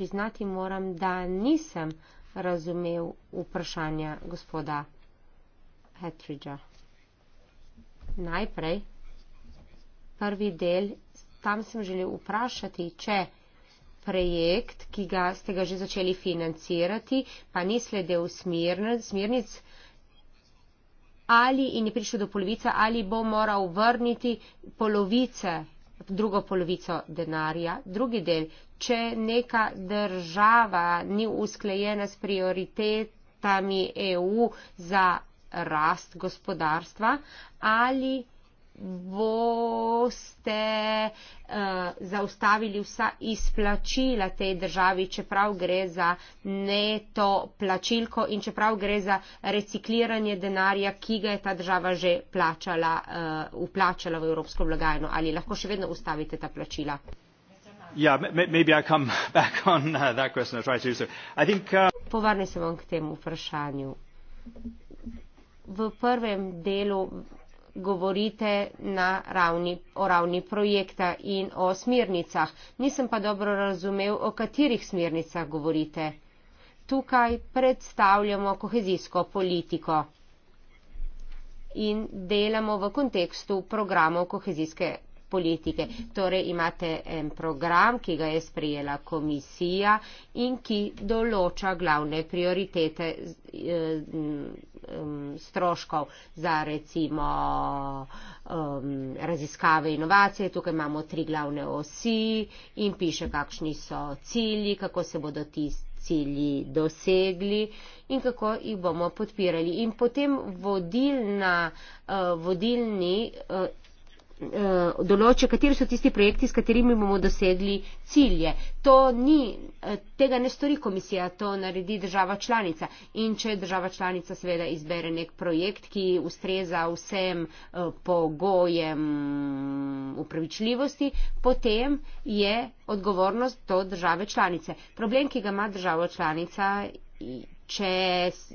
Priznati moram, da nisem razumev vprašanja gospoda Hetridža. Najprej, prvi del, tam sem želel vprašati, če projekt, ki ga ste ga že začeli financirati, pa ni sledil smernic, ali in je prišel do polovice, ali bo moral vrniti polovice drugo polovico denarja, drugi del, če neka država ni usklejena s prioritetami EU za rast gospodarstva ali boste uh, zaustavili vsa izplačila tej državi, čeprav gre za neto plačilko in čeprav gre za recikliranje denarja, ki ga je ta država že plačala, uh, eh, uplačala v Evropsko blagajno. Ali lahko še vedno ustavite ta plačila? Ja, maybe I come back on uh, that question. I'll try to do so. I think. Uh, Povrni se vam k temu vprašanju. V prvem delu govorite na ravni, o ravni projekta in o smernicah. Nisem pa dobro razumel, o katerih smernicah govorite. Tukaj predstavljamo kohezijsko politiko in delamo v kontekstu programov kohezijske politike. Torej imate en program, ki ga je sprijela komisija in ki določa glavne prioritete eh, mm, mm, stroškov za recimo um, raziskave inovacije. Tukaj imamo tri glavne osi in piše, kakšni so cilji, kako se bodo ti cilji dosegli in kako jih bomo podpirali. In potem vodilna, uh, vodilni uh, uh, določijo, kateri so tisti projekti, s katerimi bomo dosedli cilje. To ni, eh, tega ne stori komisija, to naredi država članica. In če država članica seveda izbere nek projekt, ki ustreza vsem uh, pogojem upravičljivosti, potem je odgovornost to države članice. Problem, ki ga ima država članica. Če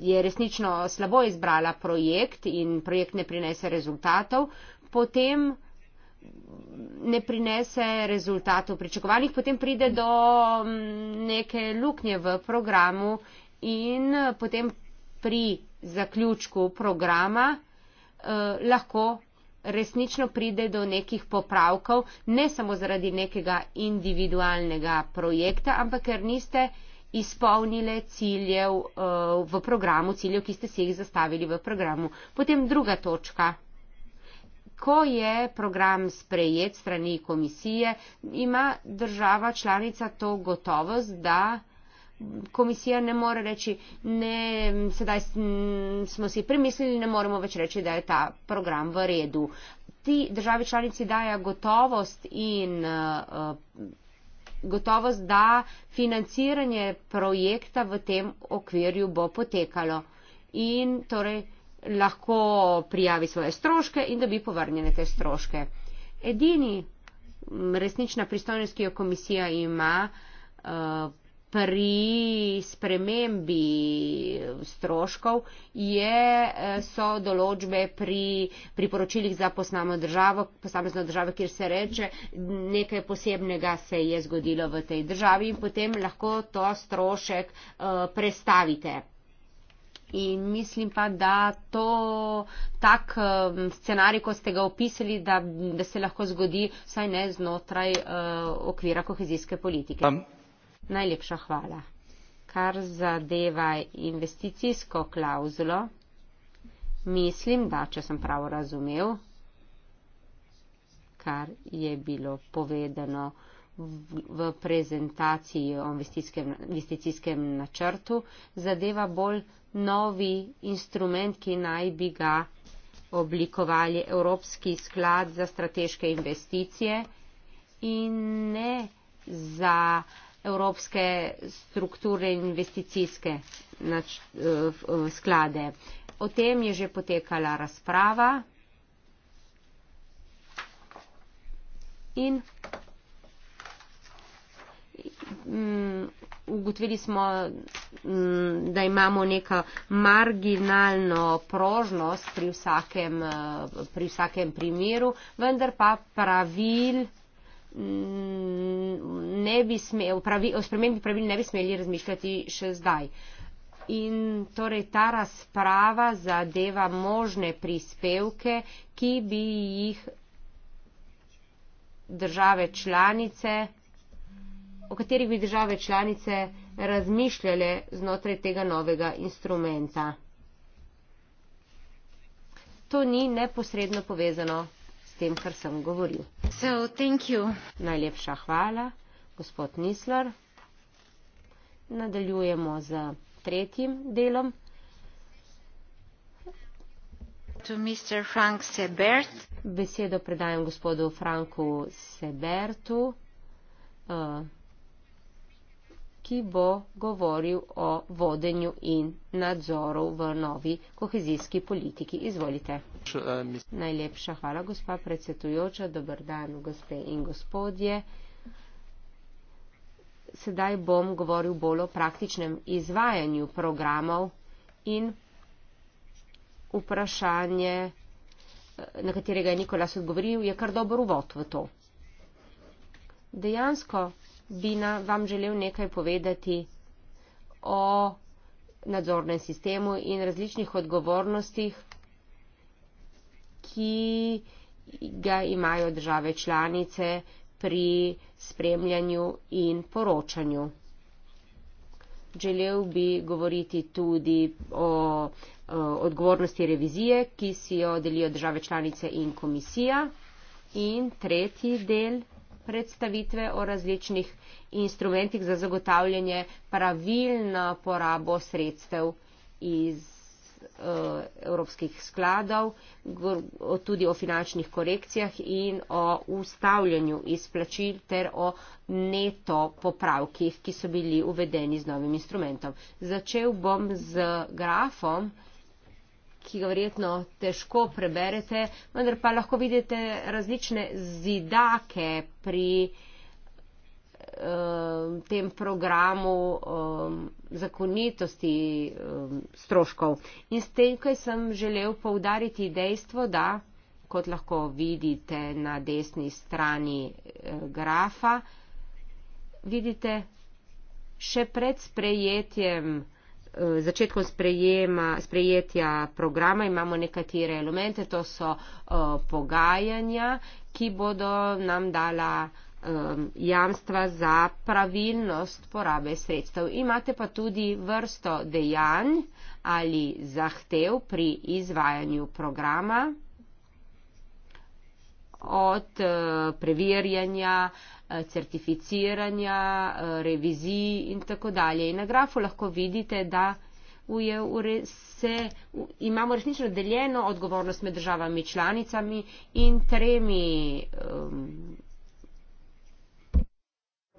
je resnično slabo izbrala projekt in projekt ne prinese rezultatov, potem ne prinese rezultatov pričakovanih, potem pride do mm, neke luknje v programu in eh, potem pri zaključku programa eh, lahko resnično pride do nekih popravkov, ne samo zaradi nekega individualnega projekta, ampak ker niste izpolnile ciljev eh, v programu, ciljev, ki ste si jih zastavili v programu. Potem druga točka ko je program sprejet strani komisije, ima država članica to gotovost, da komisija ne more reči, ne, sedaj smo si primislili, ne moremo več reči, da je ta program v redu. Ti državi članici daje gotovost in eh, gotovost, da financiranje projekta v tem okvirju bo potekalo. In torej lahko prijavi svoje stroške in dobi povrnjene te stroške. Edini resnična pristojnost, ki jo komisija ima eh, pri spremembi eh, stroškov, je, eh, so določbe pri priporočilih za državo, posamezno državo, kjer se reče, nekaj posebnega se je zgodilo v tej državi in potem lahko to strošek prestavite. In mislim pa, da to tak um, scenarij, kot ste ga opisali, da, da se lahko zgodi vsaj ne znotraj uh, okvira kohezijske politike. Um. Najlepša hvala. Kar zadeva investicijsko klauzulo, mislim, da če sem prav razumel, kar je bilo povedano v prezentaciji o investicijskem, investicijskem načrtu zadeva bolj novi instrument, ki naj bi ga oblikovali Evropski sklad za strateške investicije in ne za Evropske strukture in investicijske nač, eh, v, v, sklade. O tem je že potekala razprava. In Mm, ugotovili smo, mm, da imamo neka marginalno prožnost pri vsakem, eh, pri vsakem primeru, vendar pa pravil mm, ne bi smel, pravi, o spremembi pravil ne bi smeli razmišljati še zdaj. In torej ta razprava zadeva možne prispevke, ki bi jih države članice o katerih bi države članice razmišljale znotraj tega novega instrumenta. To ni neposredno povezano s tem, kar sem govoril. So, Najlepša hvala, gospod Nisler. Nadaljujemo z tretjim delom. Frank Besedo predajam gospodu Franku Sebertu. Uh, ki bo govoril o vodenju in nadzoru v novi kohezijski politiki. Izvolite. Najlepša hvala, gospa predsedujoča. Dobar dan, gospe in gospodje. Sedaj bom govoril bolj o praktičnem izvajanju programov in vprašanje, na katerega je Nikolas odgovoril, je kar dober uvod v to. Dejansko bi na, vam želel nekaj povedati o nadzornem sistemu in različnih odgovornostih, ki ga imajo države članice pri spremljanju in poročanju. Želel bi govoriti tudi o, o odgovornosti revizije, ki si jo delijo države članice in komisija. In tretji del predstavitve o različnih instrumentih za zagotavljanje pravilno porabo sredstev iz uh, evropskih skladov, tudi o finančnih korekcijah in o ustavljanju izplačil ter o neto popravkih, ki so bili uvedeni z novim instrumentom. Začel bom z grafom, ki ga verjetno težko preberete, vendar pa lahko vidite različne zidake pri um, tem programu um, zakonitosti um, stroškov. In s tem, kaj sem želel povdariti dejstvo, da, kot lahko vidite na desni strani grafa, vidite še pred sprejetjem Eh, začetkom sprejema, sprejetja programa imamo nekatere elemente, to so eh, pogajanja, ki bodo nam dala eh, jamstva za pravilnost porabe sredstev. Imate pa tudi vrsto dejanj ali zahtev pri izvajanju programa od eh, preverjanja, eh, certificiranja, eh, revizij in tako dalje. In na grafu lahko vidite, da se, imamo resnično deljeno odgovornost med državami članicami in tremi um,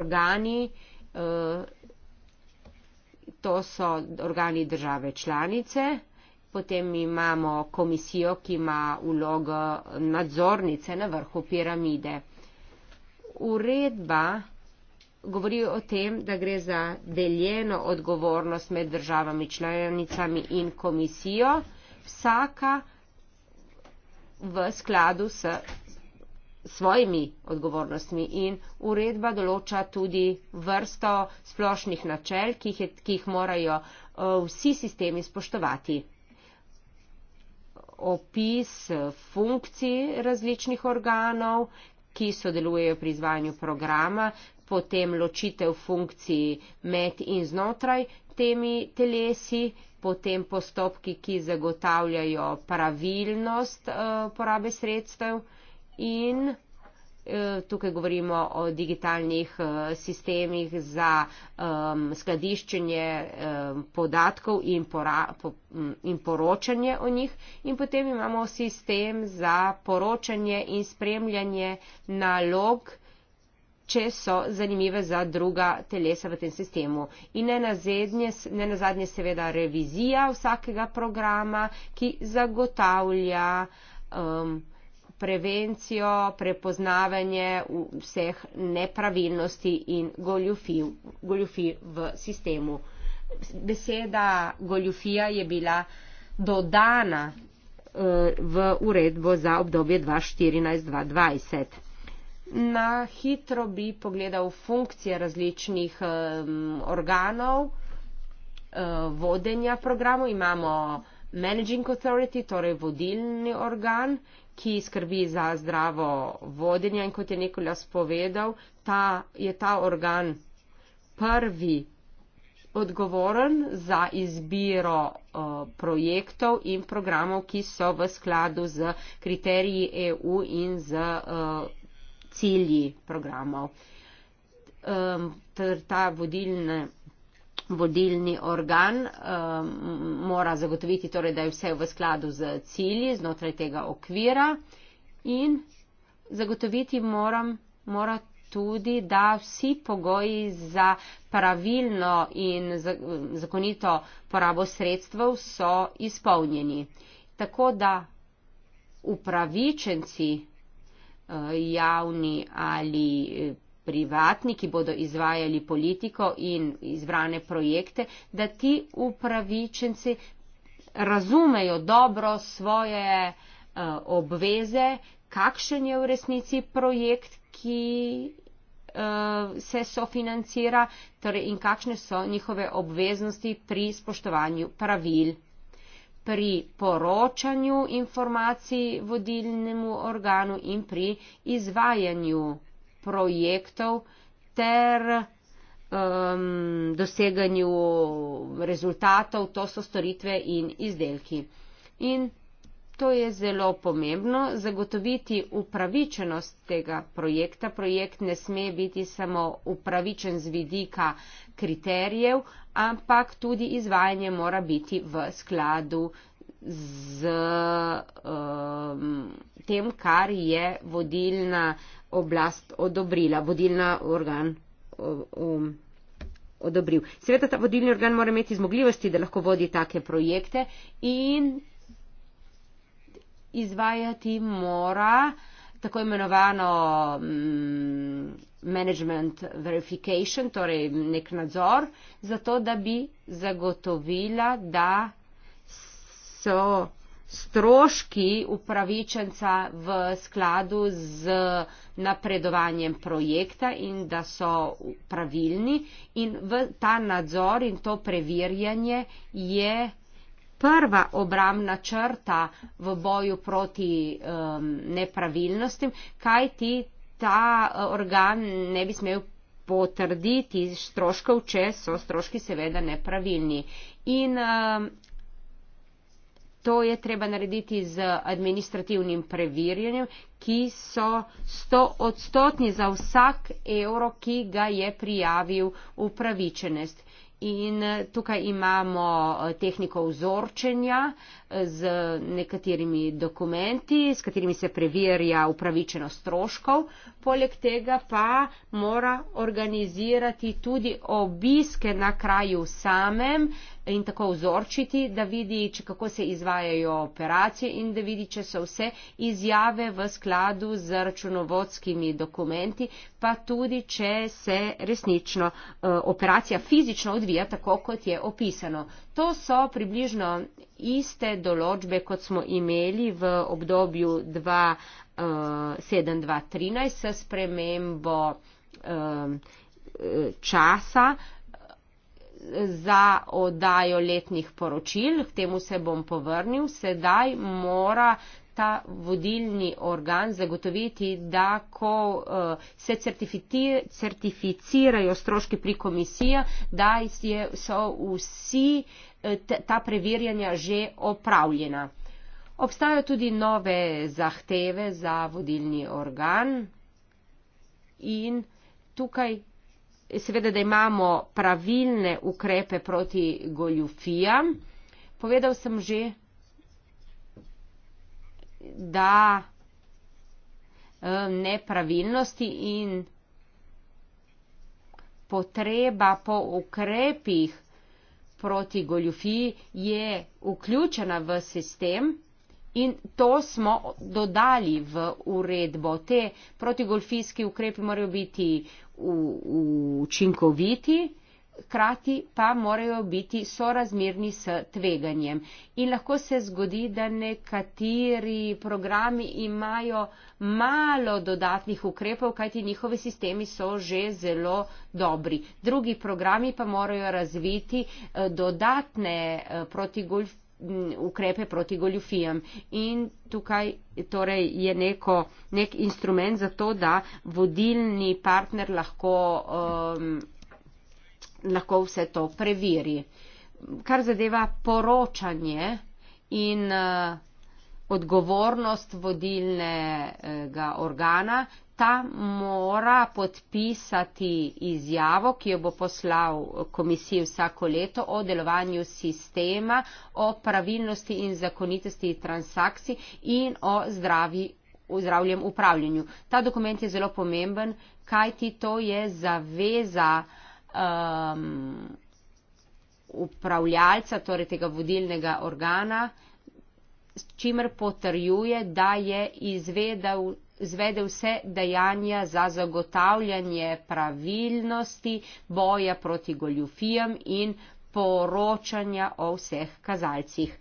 organi. Uh, to so organi države članice. Potem imamo komisijo, ki ima vlogo nadzornice na vrhu piramide. Uredba govori o tem, da gre za deljeno odgovornost med državami članicami in komisijo, vsaka v skladu s svojimi odgovornostmi. In uredba določa tudi vrsto splošnih načel, ki jih, je, ki jih morajo eh, vsi sistemi spoštovati opis funkcij različnih organov, ki sodelujejo pri izvajanju programa, potem ločitev funkcij med in znotraj temi telesi, potem postopki, ki zagotavljajo pravilnost uh, porabe sredstev in Eh, tukaj govorimo o digitalnih eh, sistemih za skladiščenje podatkov in poročanje o njih. In potem imamo sistem za poročanje in spremljanje nalog če so zanimive za druga telesa v tem sistemu. In ne nazadnje seveda revizija vsakega programa, ki zagotavlja um, prevencijo, prepoznavanje vseh nepravilnosti in goljufij, goljufij v sistemu. Beseda goljufija je bila dodana eh, v uredbo za obdobje 2014-2020. Na hitro bi pogledal funkcije različnih um, organov uh, vodenja programov. Imamo Managing Authority, torej vodilni organ, ki skrbi za zdravo vodenje in kot je Nikolas povedal, ta, je ta organ prvi odgovoren za izbiro uh, projektov in programov, ki so v skladu z kriteriji EU in z uh, cilji programov. Um, ta vodilne vodilni organ eh, mora zagotoviti, torej, da je vse v skladu z cilji znotraj tega okvira in zagotoviti moram, mora tudi, da vsi pogoji za pravilno in zakonito porabo sredstev so izpolnjeni. Tako da upravičenci eh, javni ali privatniki bodo izvajali politiko in izbrane projekte, da ti upravičenci razumejo dobro svoje uh, obveze, kakšen je v resnici projekt, ki uh, se sofinancira torej in kakšne so njihove obveznosti pri spoštovanju pravil, pri poročanju informacij vodilnemu organu in pri izvajanju projektov ter um, doseganju rezultatov, to so storitve in izdelki. In to je zelo pomembno, zagotoviti upravičenost tega projekta. Projekt ne sme biti samo upravičen z vidika kriterijev, ampak tudi izvajanje mora biti v skladu z um, tem, kar je vodilna oblast odobrila, vodilna organ um, um, odobril. Seveda ta vodilni organ mora imeti zmogljivosti, da lahko vodi take projekte in izvajati mora tako imenovano mm, management verification, torej nek nadzor, zato da bi zagotovila, da so stroški upravičenca v skladu z napredovanjem projekta in da so pravilni in v ta nadzor in to preverjanje je prva obramna črta v boju proti um, nepravilnostim, kaj ti ta uh, organ ne bi smel potrditi stroškov, če so stroški seveda nepravilni. In um, to je treba narediti z administrativnim preverjanjem, ki so 100 odstotni za vsak evro, ki ga je prijavil upravičenest. In tukaj imamo eh, tehniko vzorčenja, z nekaterimi dokumenti, s katerimi se preverja upravičenost stroškov. Poleg tega pa mora organizirati tudi obiske na kraju samem in tako vzorčiti, da vidi, če kako se izvajajo operacije in da vidi, če so vse izjave v skladu z računovodskimi dokumenti, pa tudi, če se resnično uh, operacija fizično odvija tako, kot je opisano. To so približno iste določbe, kot smo imeli v obdobju 2007-2013 eh, s spremembo eh, časa eh, za oddajo letnih poročil, k temu se bom povrnil, sedaj mora ta vodilni organ zagotoviti, da ko eh, se certificirajo stroški pri komisiji, da so vsi eh, ta preverjanja že opravljena. Obstajajo tudi nove zahteve za vodilni organ in tukaj seveda, da imamo pravilne ukrepe proti goljufijam. Povedal sem že, da eh, nepravilnosti in potreba po ukrepih proti goljufiji je vključena v sistem in to smo dodali v uredbo. Te protigolfijski ukrepi morajo biti učinkoviti. V, v hkrati pa morajo biti sorazmerni s tveganjem. In lahko se zgodi, da nekateri programi imajo malo dodatnih ukrepov, kajti njihovi sistemi so že zelo dobri. Drugi programi pa morajo razviti eh, dodatne eh, protigolf ukrepe proti goljufijam. In tukaj torej, je neko, nek instrument za to, da vodilni partner lahko um, lahko vse to preveri. Kar zadeva poročanje in eh, odgovornost vodilnega organa, ta mora podpisati izjavo, ki jo bo poslal komisiji vsako leto o delovanju sistema, o pravilnosti in zakonitosti transakcij in o zdravi, zdravljem upravljanju. Ta dokument je zelo pomemben, kaj ti to je zaveza um, upravljalca, torej tega vodilnega organa, s čimer potrjuje, da je izvedel, izvedel vse dejanja za zagotavljanje pravilnosti boja proti goljufijam in poročanja o vseh kazalcih.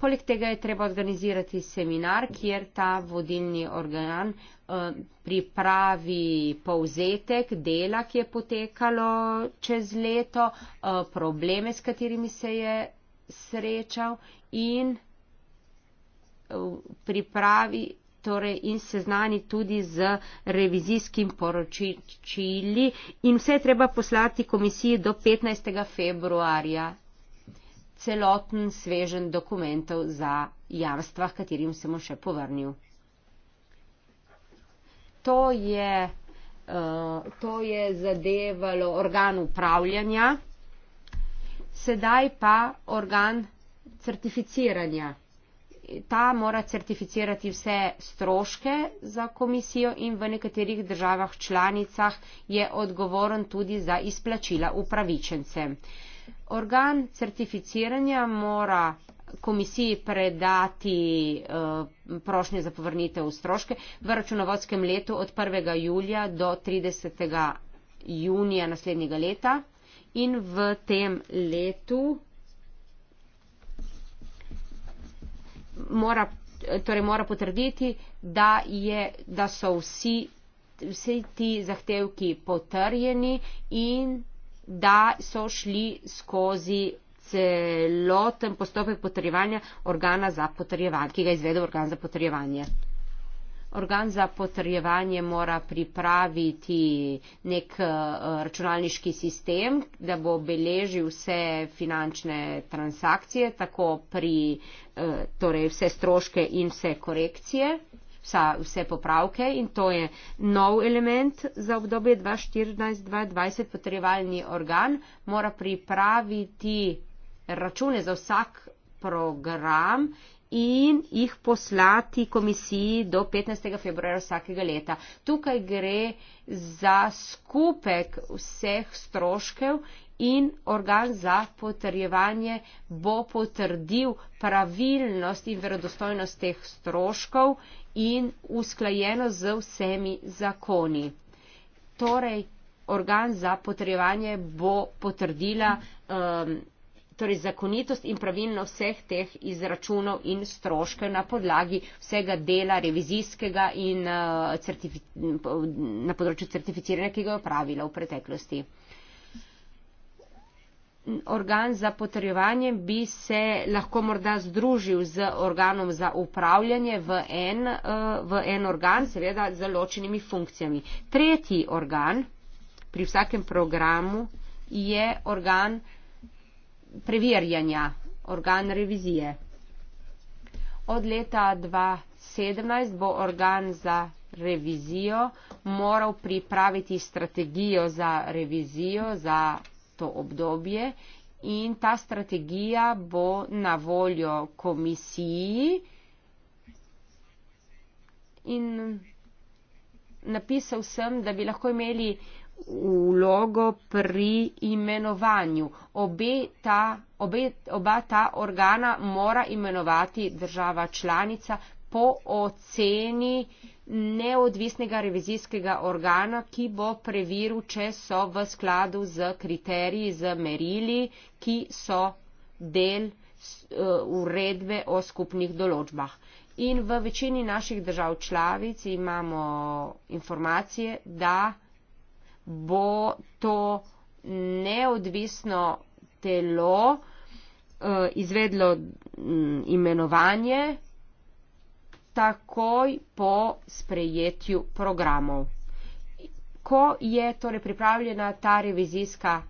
Poleg tega je treba organizirati seminar, kjer ta vodilni organ Eh, pripravi povzetek dela, ki je potekalo čez leto, eh, probleme, s katerimi se je srečal in eh, pripravi torej, in seznani tudi z revizijskim poročili in vse treba poslati komisiji do 15. februarja celoten svežen dokumentov za jamstva, katerim sem se mu še povrnil to je, uh, to je zadevalo organ upravljanja, sedaj pa organ certificiranja. Ta mora certificirati vse stroške za komisijo in v nekaterih državah članicah je odgovoren tudi za izplačila upravičence. Organ certificiranja mora komisiji predati uh, prošnje za povrnitev stroške v računovodskem letu od 1. julija do 30. junija naslednjega leta in v tem letu mora, torej mora potrditi, da, je, da so vsi, vsi ti zahtevki potrjeni in da so šli skozi celoten postopek potrjevanja organa za potrjevanje, ki ga izvede organ za potrjevanje. Organ za potrjevanje mora pripraviti nek eh, računalniški sistem, da bo beležil vse finančne transakcije, tako pri, eh, torej vse stroške in vse korekcije, vsa, vse popravke in to je nov element za obdobje 2014-2020. Potrjevalni organ mora pripraviti račune za vsak program in jih poslati komisiji do 15. februarja vsakega leta. Tukaj gre za skupek vseh stroškev in organ za potrjevanje bo potrdil pravilnost in verodostojnost teh stroškov in usklajeno z vsemi zakoni. Torej, organ za potrjevanje bo potrdila um, torej zakonitost in pravilnost vseh teh izračunov in stroške na podlagi vsega dela revizijskega in eh, na področju certificiranja, ki ga je upravila v preteklosti. Organ za potrjevanje bi se lahko morda združil z organom za upravljanje v en, eh, v en organ, seveda z ločenimi funkcijami. Tretji organ pri vsakem programu je organ preverjanja, organ revizije. Od leta 2017 bo organ za revizijo moral pripraviti strategijo za revizijo za to obdobje in ta strategija bo na voljo komisiji in napisal sem, da bi lahko imeli vlogo pri imenovanju. Obe ta, obe, oba ta organa mora imenovati država članica po oceni neodvisnega revizijskega organa, ki bo preveril, če so v skladu z kriteriji, z merili, ki so del e, uredbe o skupnih določbah. In v večini naših držav članic imamo informacije, da bo to neodvisno telo eh, izvedlo mm, imenovanje takoj po sprejetju programov. Ko je torej pripravljena ta revizijska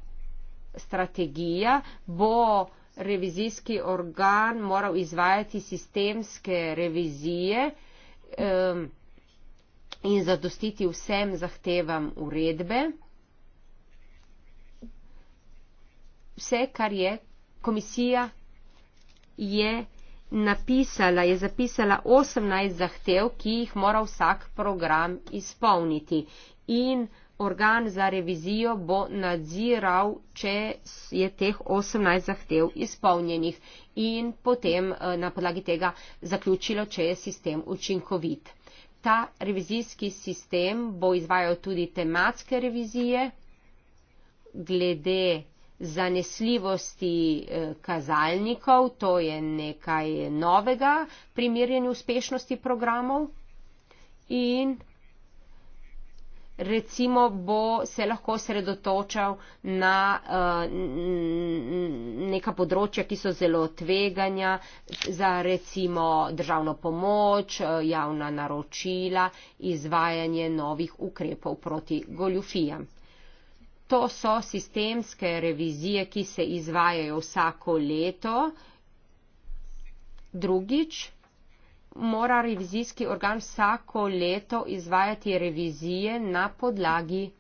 strategija, bo revizijski organ moral izvajati sistemske revizije. Um, in zadostiti vsem zahtevam uredbe. Vse, kar je komisija je napisala, je zapisala 18 zahtev, ki jih mora vsak program izpolniti. In organ za revizijo bo nadziral, če je teh 18 zahtev izpolnjenih in potem eh, na podlagi tega zaključilo, če je sistem učinkovit ta revizijski sistem bo izvajal tudi tematske revizije glede zanesljivosti eh, kazalnikov, to je nekaj novega pri merjenju uspešnosti programov in recimo bo se lahko sredotočal na uh, neka področja, ki so zelo tveganja za recimo državno pomoč, eh, javna naročila, izvajanje novih ukrepov proti goljufijam. To so sistemske revizije, ki se izvajajo vsako leto. Drugič, mora revizijski organ vsako leto izvajati revizije na podlagi eh,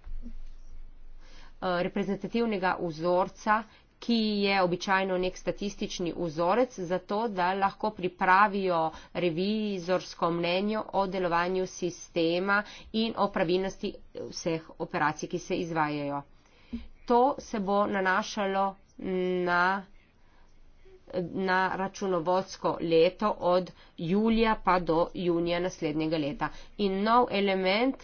reprezentativnega vzorca, ki je običajno nek statistični vzorec, zato da lahko pripravijo revizorsko mnenje o delovanju sistema in o pravilnosti vseh operacij, ki se izvajajo. To se bo nanašalo na na računovodsko leto od julija pa do junija naslednjega leta. In nov element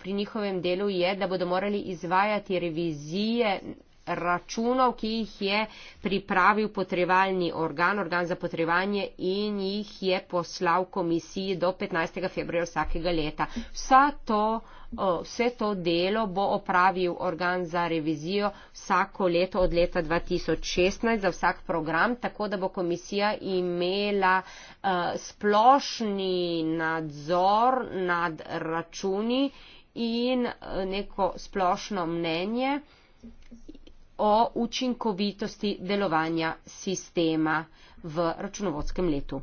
pri njihovem delu je, da bodo morali izvajati revizije računov, ki jih je pripravil potrevalni organ, organ za potrevanje in jih je poslal komisiji do 15. februarja vsakega leta. Vsa to uh, vse to delo bo opravil organ za revizijo vsako leto od leta 2016 za vsak program, tako da bo komisija imela eh, splošni nadzor nad računi in eh, neko splošno mnenje o učinkovitosti delovanja sistema v računovodskem letu.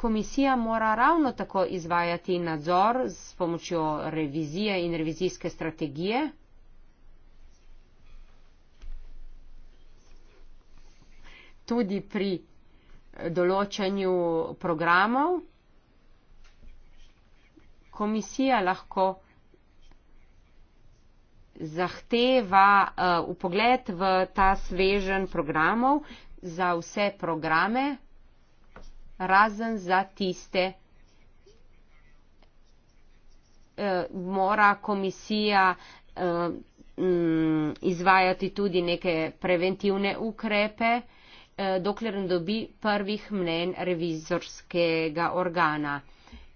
komisija mora ravno tako izvajati nadzor s pomočjo revizije in revizijske strategije? Tudi pri določanju programov komisija lahko zahteva upogled eh, uh, v ta svežen programov za vse programe razen za tiste, eh, mora komisija eh, mm, izvajati tudi neke preventivne ukrepe, eh, dokler ne dobi prvih mnen revizorskega organa.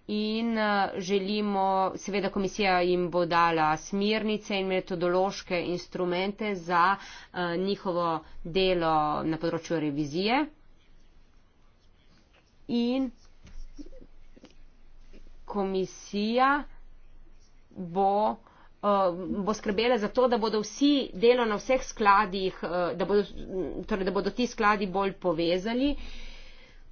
In želimo, seveda komisija jim bo dala smirnice in metodološke instrumente za njihovo delo na področju revizije in komisija bo, uh, bo skrbela za to, da bodo vsi delo na vseh skladih, uh, da, bodo, torej, da bodo ti skladi bolj povezani.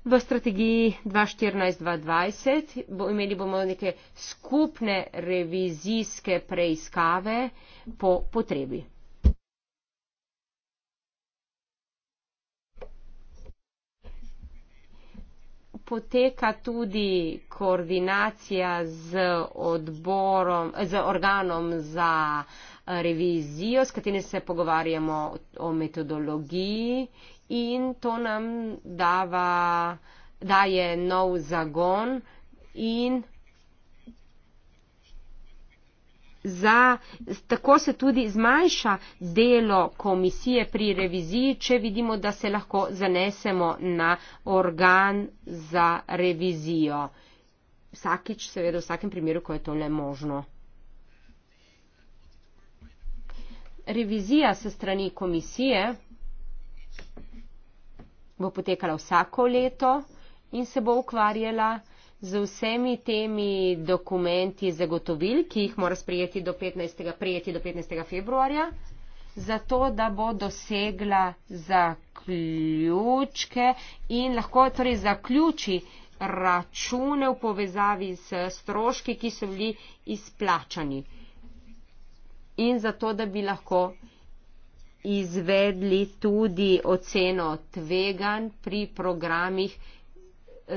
V strategiji 2014-2020 bo, imeli bomo neke skupne revizijske preiskave po potrebi. poteka tudi koordinacija z, odborom, z organom za eh, revizijo, s katerim se pogovarjamo o metodologiji in to nam dava, daje nov zagon in za, tako se tudi zmanjša delo komisije pri reviziji, če vidimo, da se lahko zanesemo na organ za revizijo. Vsakič, seveda, v vsakem primeru, ko je to le možno. Revizija se strani komisije bo potekala vsako leto in se bo ukvarjala z vsemi temi dokumenti zagotovil, ki jih mora sprijeti do 15. prijeti do 15. februarja, zato da bo dosegla zaključke in lahko torej zaključi račune v povezavi s stroški, ki so bili izplačani. In zato, da bi lahko izvedli tudi oceno tvegan pri programih,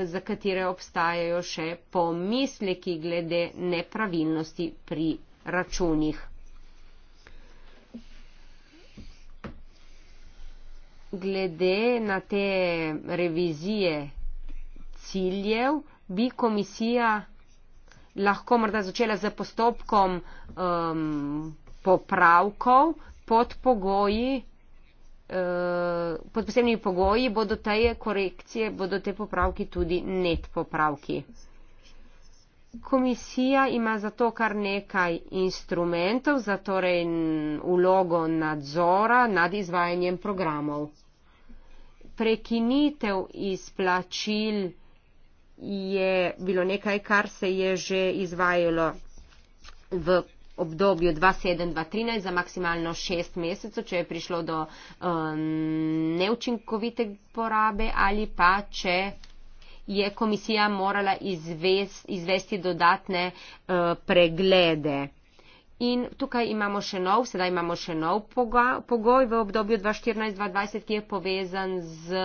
za katere obstajajo še pomisleki glede nepravilnosti pri računih. Glede na te revizije ciljev bi komisija lahko morda začela z postopkom um, popravkov pod pogoji Eh, pod posebnimi pogoji bodo te korekcije, bodo te popravki tudi net popravki. Komisija ima za to kar nekaj instrumentov, za torej ulogo nadzora nad izvajanjem programov. Prekinitev izplačil je bilo nekaj, kar se je že izvajalo v obdobju 2007-2013 za maksimalno šest mesecev, če je prišlo do um, neučinkovite porabe ali pa če je komisija morala izvest, izvesti dodatne uh, preglede. In tukaj imamo še nov, sedaj imamo še nov pogoj v obdobju 2014-2020, ki je povezan z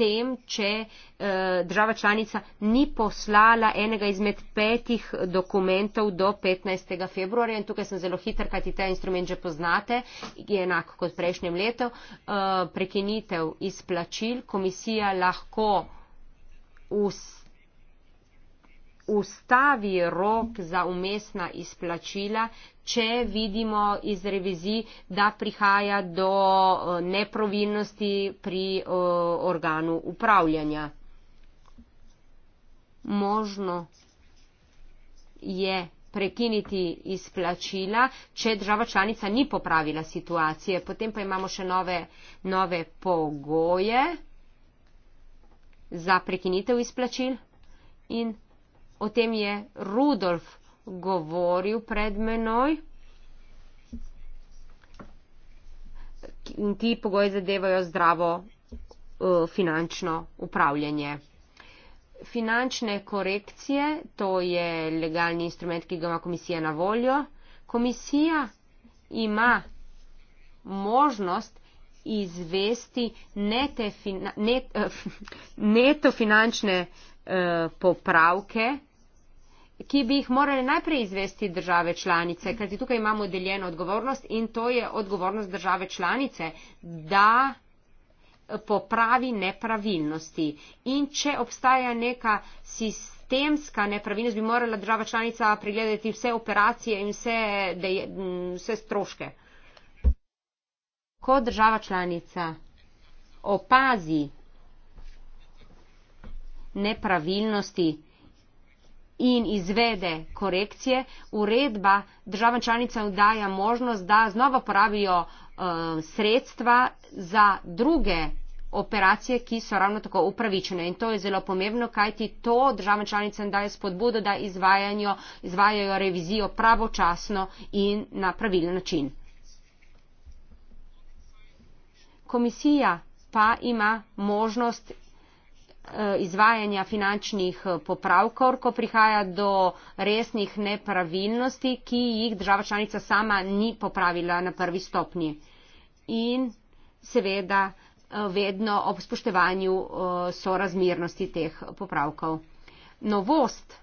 tem, če eh, država članica ni poslala enega izmed petih dokumentov do 15. februarja. In tukaj sem zelo hiter, kajti ta instrument že poznate, je enako kot prejšnjem letu. Eh, prekinitev izplačil komisija lahko vse ustavi rok za umestna izplačila, če vidimo iz revizij, da prihaja do eh, nepravilnosti pri eh, organu upravljanja. Možno je prekiniti izplačila, če država članica ni popravila situacije. Potem pa imamo še nove, nove pogoje za prekinitev izplačil in O tem je Rudolf govoril pred menoj. In ti pogoji zadevajo zdravo uh, finančno upravljanje. Finančne korekcije, to je legalni instrument, ki ga ima komisija na voljo. Komisija ima možnost izvesti nete fina, net, uh, neto finančne uh, popravke ki bi jih morali najprej izvesti države članice, kajti tukaj imamo deljeno odgovornost in to je odgovornost države članice, da popravi nepravilnosti. In če obstaja neka sistemska nepravilnost, bi morala država članica pregledati vse operacije in vse, deje, vse stroške. Ko država članica opazi nepravilnosti, in izvede korekcije, uredba državam članicam daje možnost, da znova porabijo eh, sredstva za druge operacije, ki so ravno tako upravičene. In to je zelo pomembno, kajti to državam članicam daje spodbudo, da izvajajo revizijo pravočasno in na pravilen način. Komisija pa ima možnost Eh, izvajanja finančnih eh, popravkov, ko prihaja do resnih nepravilnosti, ki jih država članica sama ni popravila na prvi stopnji. In seveda eh, vedno ob spoštevanju sorazmernosti teh popravkov. Novost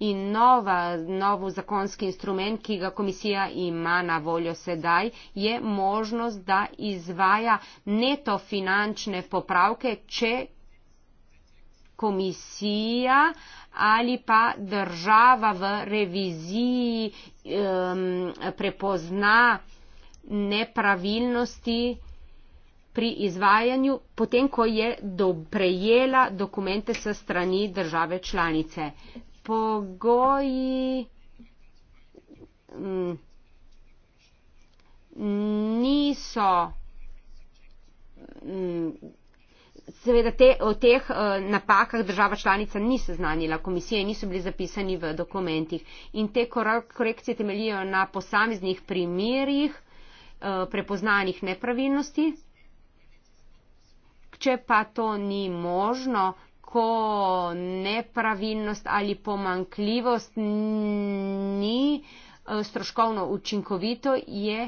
in nova, novo zakonski instrument, ki ga komisija ima na voljo sedaj, je možnost, da izvaja neto finančne popravke, če komisija ali pa država v reviziji um, prepozna nepravilnosti pri izvajanju, potem ko je do, prejela dokumente se strani države članice pogoji m, mm, niso. M, mm, Seveda te, o teh uh, napakah država članica ni seznanila, komisije niso bili zapisani v dokumentih in te korekcije temeljijo na posameznih primerjih uh, prepoznanih nepravilnosti. Če pa to ni možno, ko nepravilnost ali pomankljivost ni eh, stroškovno učinkovito, je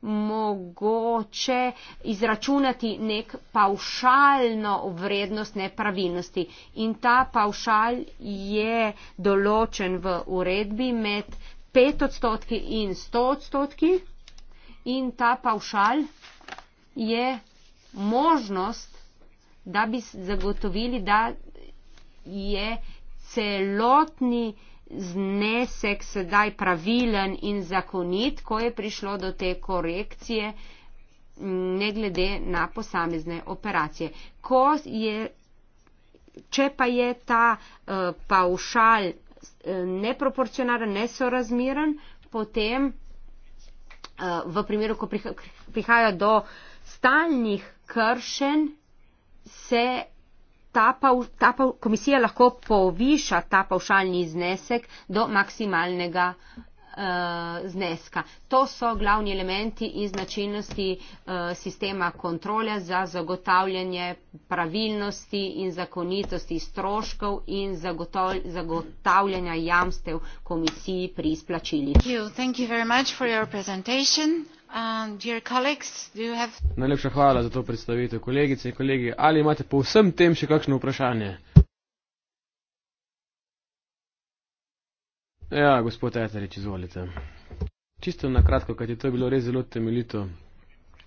mogoče izračunati nek pavšalno vrednost nepravilnosti. In ta pavšal je določen v uredbi med 5 odstotki in 100 odstotki. In ta pavšal je možnost da bi zagotovili, da je celotni znesek sedaj pravilen in zakonit, ko je prišlo do te korekcije, ne glede na posamezne operacije. Je, če pa je ta uh, eh, paušal uh, eh, neproporcionalen, nesorazmeren, potem uh, v primeru, ko prihaja do stalnih kršen, se ta, pav, ta pav, komisija lahko poviša ta pavšalni znesek do maksimalnega eh, zneska. To so glavni elementi iz načinnosti eh, sistema kontrole za zagotavljanje pravilnosti in zakonitosti stroškov in zagotavljanja jamstev komisiji pri izplačilih. Thank you. Thank you Um, Najlepša hvala za to predstavitev. Kolegice in kolegi, ali imate po vsem tem še kakšno vprašanje? Ja, gospod Eterič, izvolite. Čisto na kratko, kajti to je bilo res zelo temeljito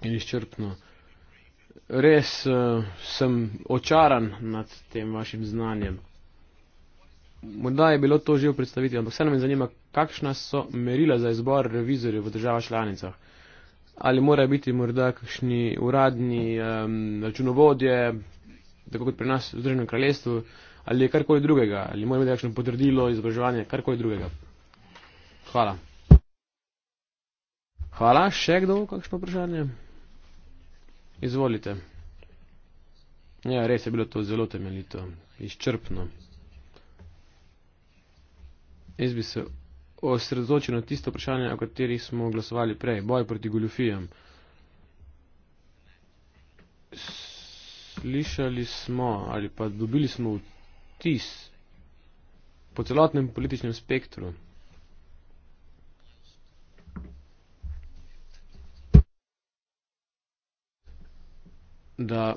in izčrpno. Res uh, sem očaran nad tem vašim znanjem. Morda je bilo to že v predstavitvi, ampak vseeno me zanima, kakšna so merila za izbor revizorjev v državah članicah ali morajo biti morda kakšni uradni um, računovodje, tako kot pri nas v Združenem kraljestvu, ali je karkoli drugega, ali mora biti kakšno potrdilo, izobraževanje, karkoli drugega. Hvala. Hvala, še kdo, kakšno vprašanje? Izvolite. Ja, res je bilo to zelo temeljito, izčrpno. Jaz bi se osredotočil na tisto vprašanje, o katerih smo glasovali prej, boj proti goljofijam. Slišali smo ali pa dobili smo vtis po celotnem političnem spektru. Da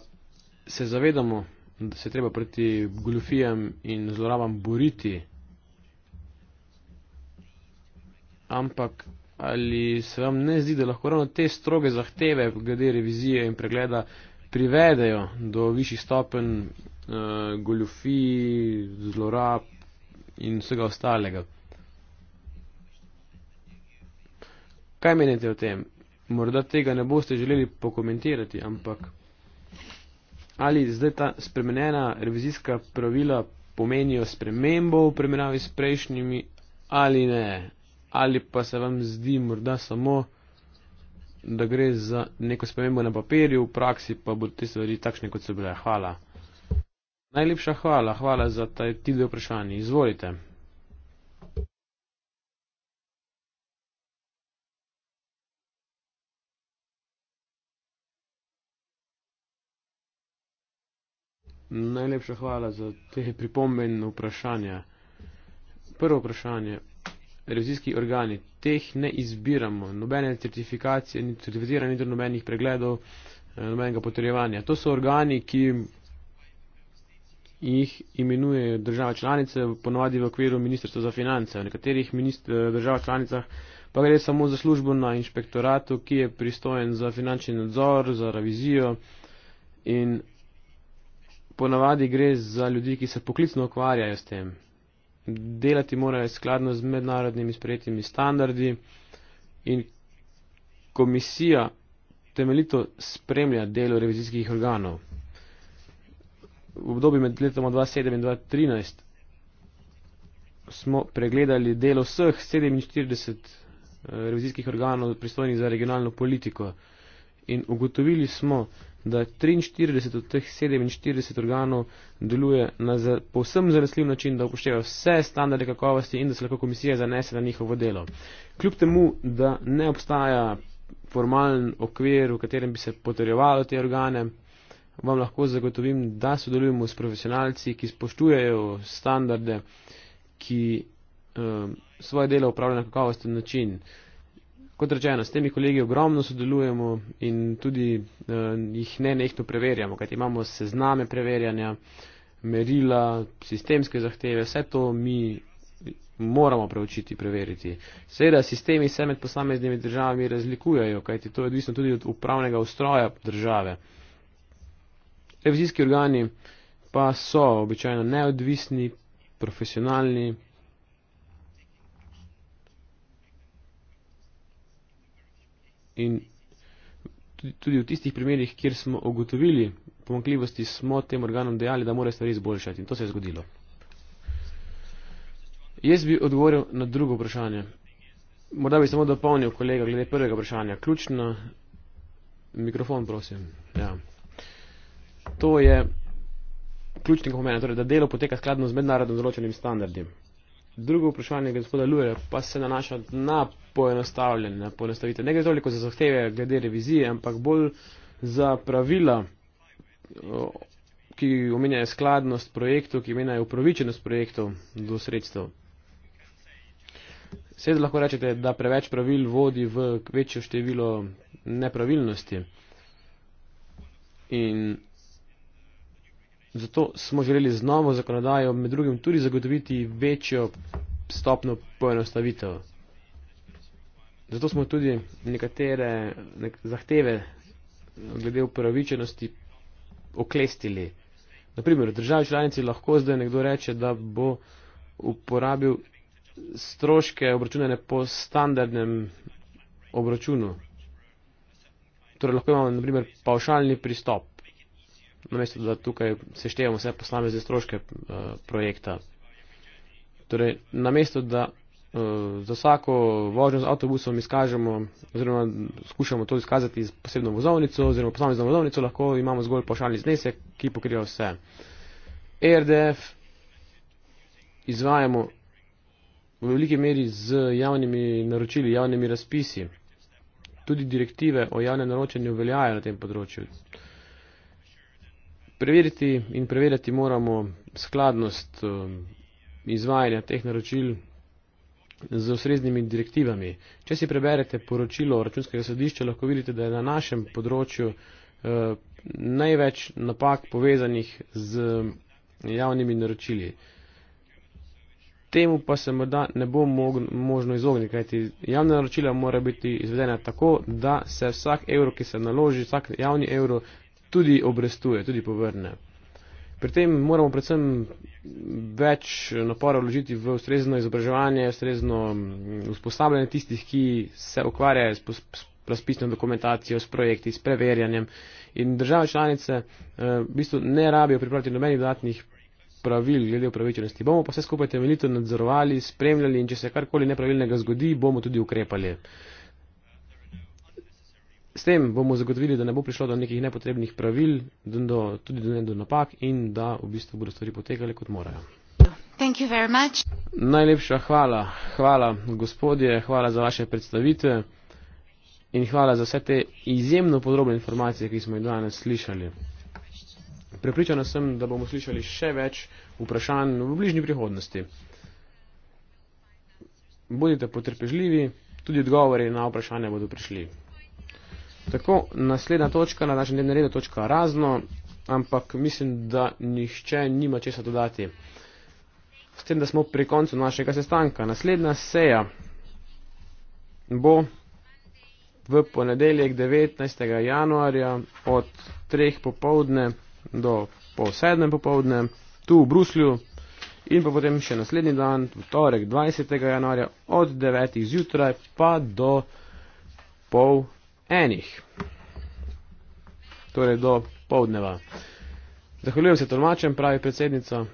se zavedamo, da se treba proti goljofijam in zlorabam boriti. ampak ali se vam ne zdi, da lahko ravno te stroge zahteve glede revizije in pregleda privedejo do višjih stopenj uh, goljufij, zlorab in vsega ostalega? Kaj menite o tem? Morda tega ne boste želeli pokomentirati, ampak ali zdaj ta spremenjena revizijska pravila pomenijo spremembo v primerjavi s prejšnjimi ali ne? ali pa se vam zdi morda samo, da gre za neko spremembo na papirju, v praksi pa bodo te stvari takšne, kot so bile. Hvala. Najlepša hvala, hvala za taj tide vprašanje. Izvolite. Najlepša hvala za te pripombe in vprašanja. Prvo vprašanje, revizijski organi. Teh ne izbiramo, nobene certifikacije, ni certificirano, ni nobenih pregledov, eh, nobenega potrjevanja. To so organi, ki jih imenujejo države članice, ponovadi v okviru Ministrstva za finance. V nekaterih eh, državah članicah pa gre samo za službo na inšpektoratu, ki je pristojen za finančni nadzor, za revizijo in ponovadi gre za ljudi, ki se poklicno ukvarjajo s tem delati morajo skladno z mednarodnimi sprejetimi standardi in komisija temeljito spremlja delo revizijskih organov. V obdobju med letoma 2007 in 2013 smo pregledali delo vseh 47 eh, revizijskih organov pristojnih za regionalno politiko in ugotovili smo, da 43 od teh 47 organov deluje na za, povsem zanesljiv način, da upoštevajo vse standarde kakovosti in da se lahko komisija zanese na njihovo delo. Kljub temu, da ne obstaja formalen okvir, v katerem bi se potrjevalo te organe, vam lahko zagotovim, da sodelujemo s profesionalci, ki spoštujejo standarde, ki um, svoje delo upravljajo na kakovosten način. Uh, Kot rečeno, s temi kolegi ogromno sodelujemo in tudi uh, jih ne nekdo preverjamo, kajti imamo sezname preverjanja, merila, sistemske zahteve, vse to mi moramo preučiti, preveriti. Seveda, sistemi se med posameznimi državami razlikujajo, kajti to je odvisno tudi od upravnega ustroja države. Revizijski organi pa so običajno neodvisni, profesionalni, in tudi v tistih primerjih, kjer smo ugotovili pomankljivosti, smo tem organom dejali, da mora stvari izboljšati in to se je zgodilo. Jaz bi odgovoril na drugo vprašanje. Morda bi samo dopolnil kolega glede prvega vprašanja. Ključno, mikrofon prosim. Ja. To je ključni komentar, torej, da delo poteka skladno z mednarodno zločenim standardim. Drugo vprašanje gospoda Lure pa se nanaša na poenostavljene poenostavitve. Ne gre toliko za zahteve glede revizije, ampak bolj za pravila, ki omenjajo skladnost projektov, ki omenjajo upravičenost projektov do sredstev. Sedaj lahko rečete, da preveč pravil vodi v večjo število nepravilnosti. In Zato smo želeli z novo zakonodajo med drugim tudi zagotoviti večjo stopno poenostavitev. Zato smo tudi nekatere nek zahteve glede upravičenosti oklestili. Naprimer, državi članici lahko zdaj nekdo reče, da bo uporabil stroške obračunane po standardnem obračunu. Torej lahko imamo naprimer pavšalni pristop namesto da tukaj seštevamo vse posamezne stroške uh, projekta. Torej, namesto da uh, za vsako vožnjo z avtobusom izkažemo oziroma skušamo to izkazati z posebno vozovnico oziroma posamezno vozovnico, lahko imamo zgolj pošalni znesek, ki pokriva vse. ERDF izvajamo v veliki meri z javnimi naročili, javnimi razpisi. Tudi direktive o javnem naročanju veljajo na tem področju preveriti in preverjati moramo skladnost um, izvajanja teh naročil z osreznimi direktivami. Če si preberete poročilo računskega sodišča, lahko vidite, da je na našem področju uh, največ napak povezanih z um, javnimi naročili. Temu pa se morda ne bo možno izogniti, kajti javna naročila mora biti izvedena tako, da se vsak evro, ki se naloži, vsak javni evro tudi obrestuje, tudi povrne. Pri tem moramo predvsem več napora vložiti v ustrezno izobraževanje, ustrezno usposabljanje tistih, ki se ukvarjajo s razpisno dokumentacijo, s projekti, s preverjanjem. In države članice eh, v bistvu ne rabijo pripraviti nobenih dodatnih pravil glede upravičenosti. Bomo pa vse skupaj temeljito nadzorovali, spremljali in če se karkoli nepravilnega zgodi, bomo tudi ukrepali. S tem bomo zagotovili, da ne bo prišlo do nekih nepotrebnih pravil, do, do, tudi do, do napak in da v bistvu bodo stvari potekale, kot morajo. Najlepša hvala. Hvala, gospodje, hvala za vaše predstavitve in hvala za vse te izjemno podrobne informacije, ki smo jih danes slišali. Prepričana sem, da bomo slišali še več vprašanj v bližnji prihodnosti. Bodite potrpežljivi, tudi odgovori na vprašanje bodo prišli. Tako, naslednja točka na našem dnevnem redu, točka razno, ampak mislim, da nihče nima česa dodati. S tem, da smo pri koncu našega sestanka. Naslednja seja bo v ponedeljek 19. januarja od 3. popovdne do pol 7. popovdne tu v Bruslju in pa potem še naslednji dan, v torek 20. januarja od 9. zjutraj pa do pol enih. Torej do povdneva. Zahvaljujem se tolmačem, pravi predsednica,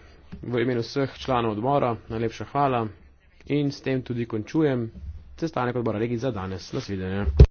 v imenu vseh članov odbora. Najlepša hvala. In s tem tudi končujem sestanek odbora regij za danes. Nasvidenje.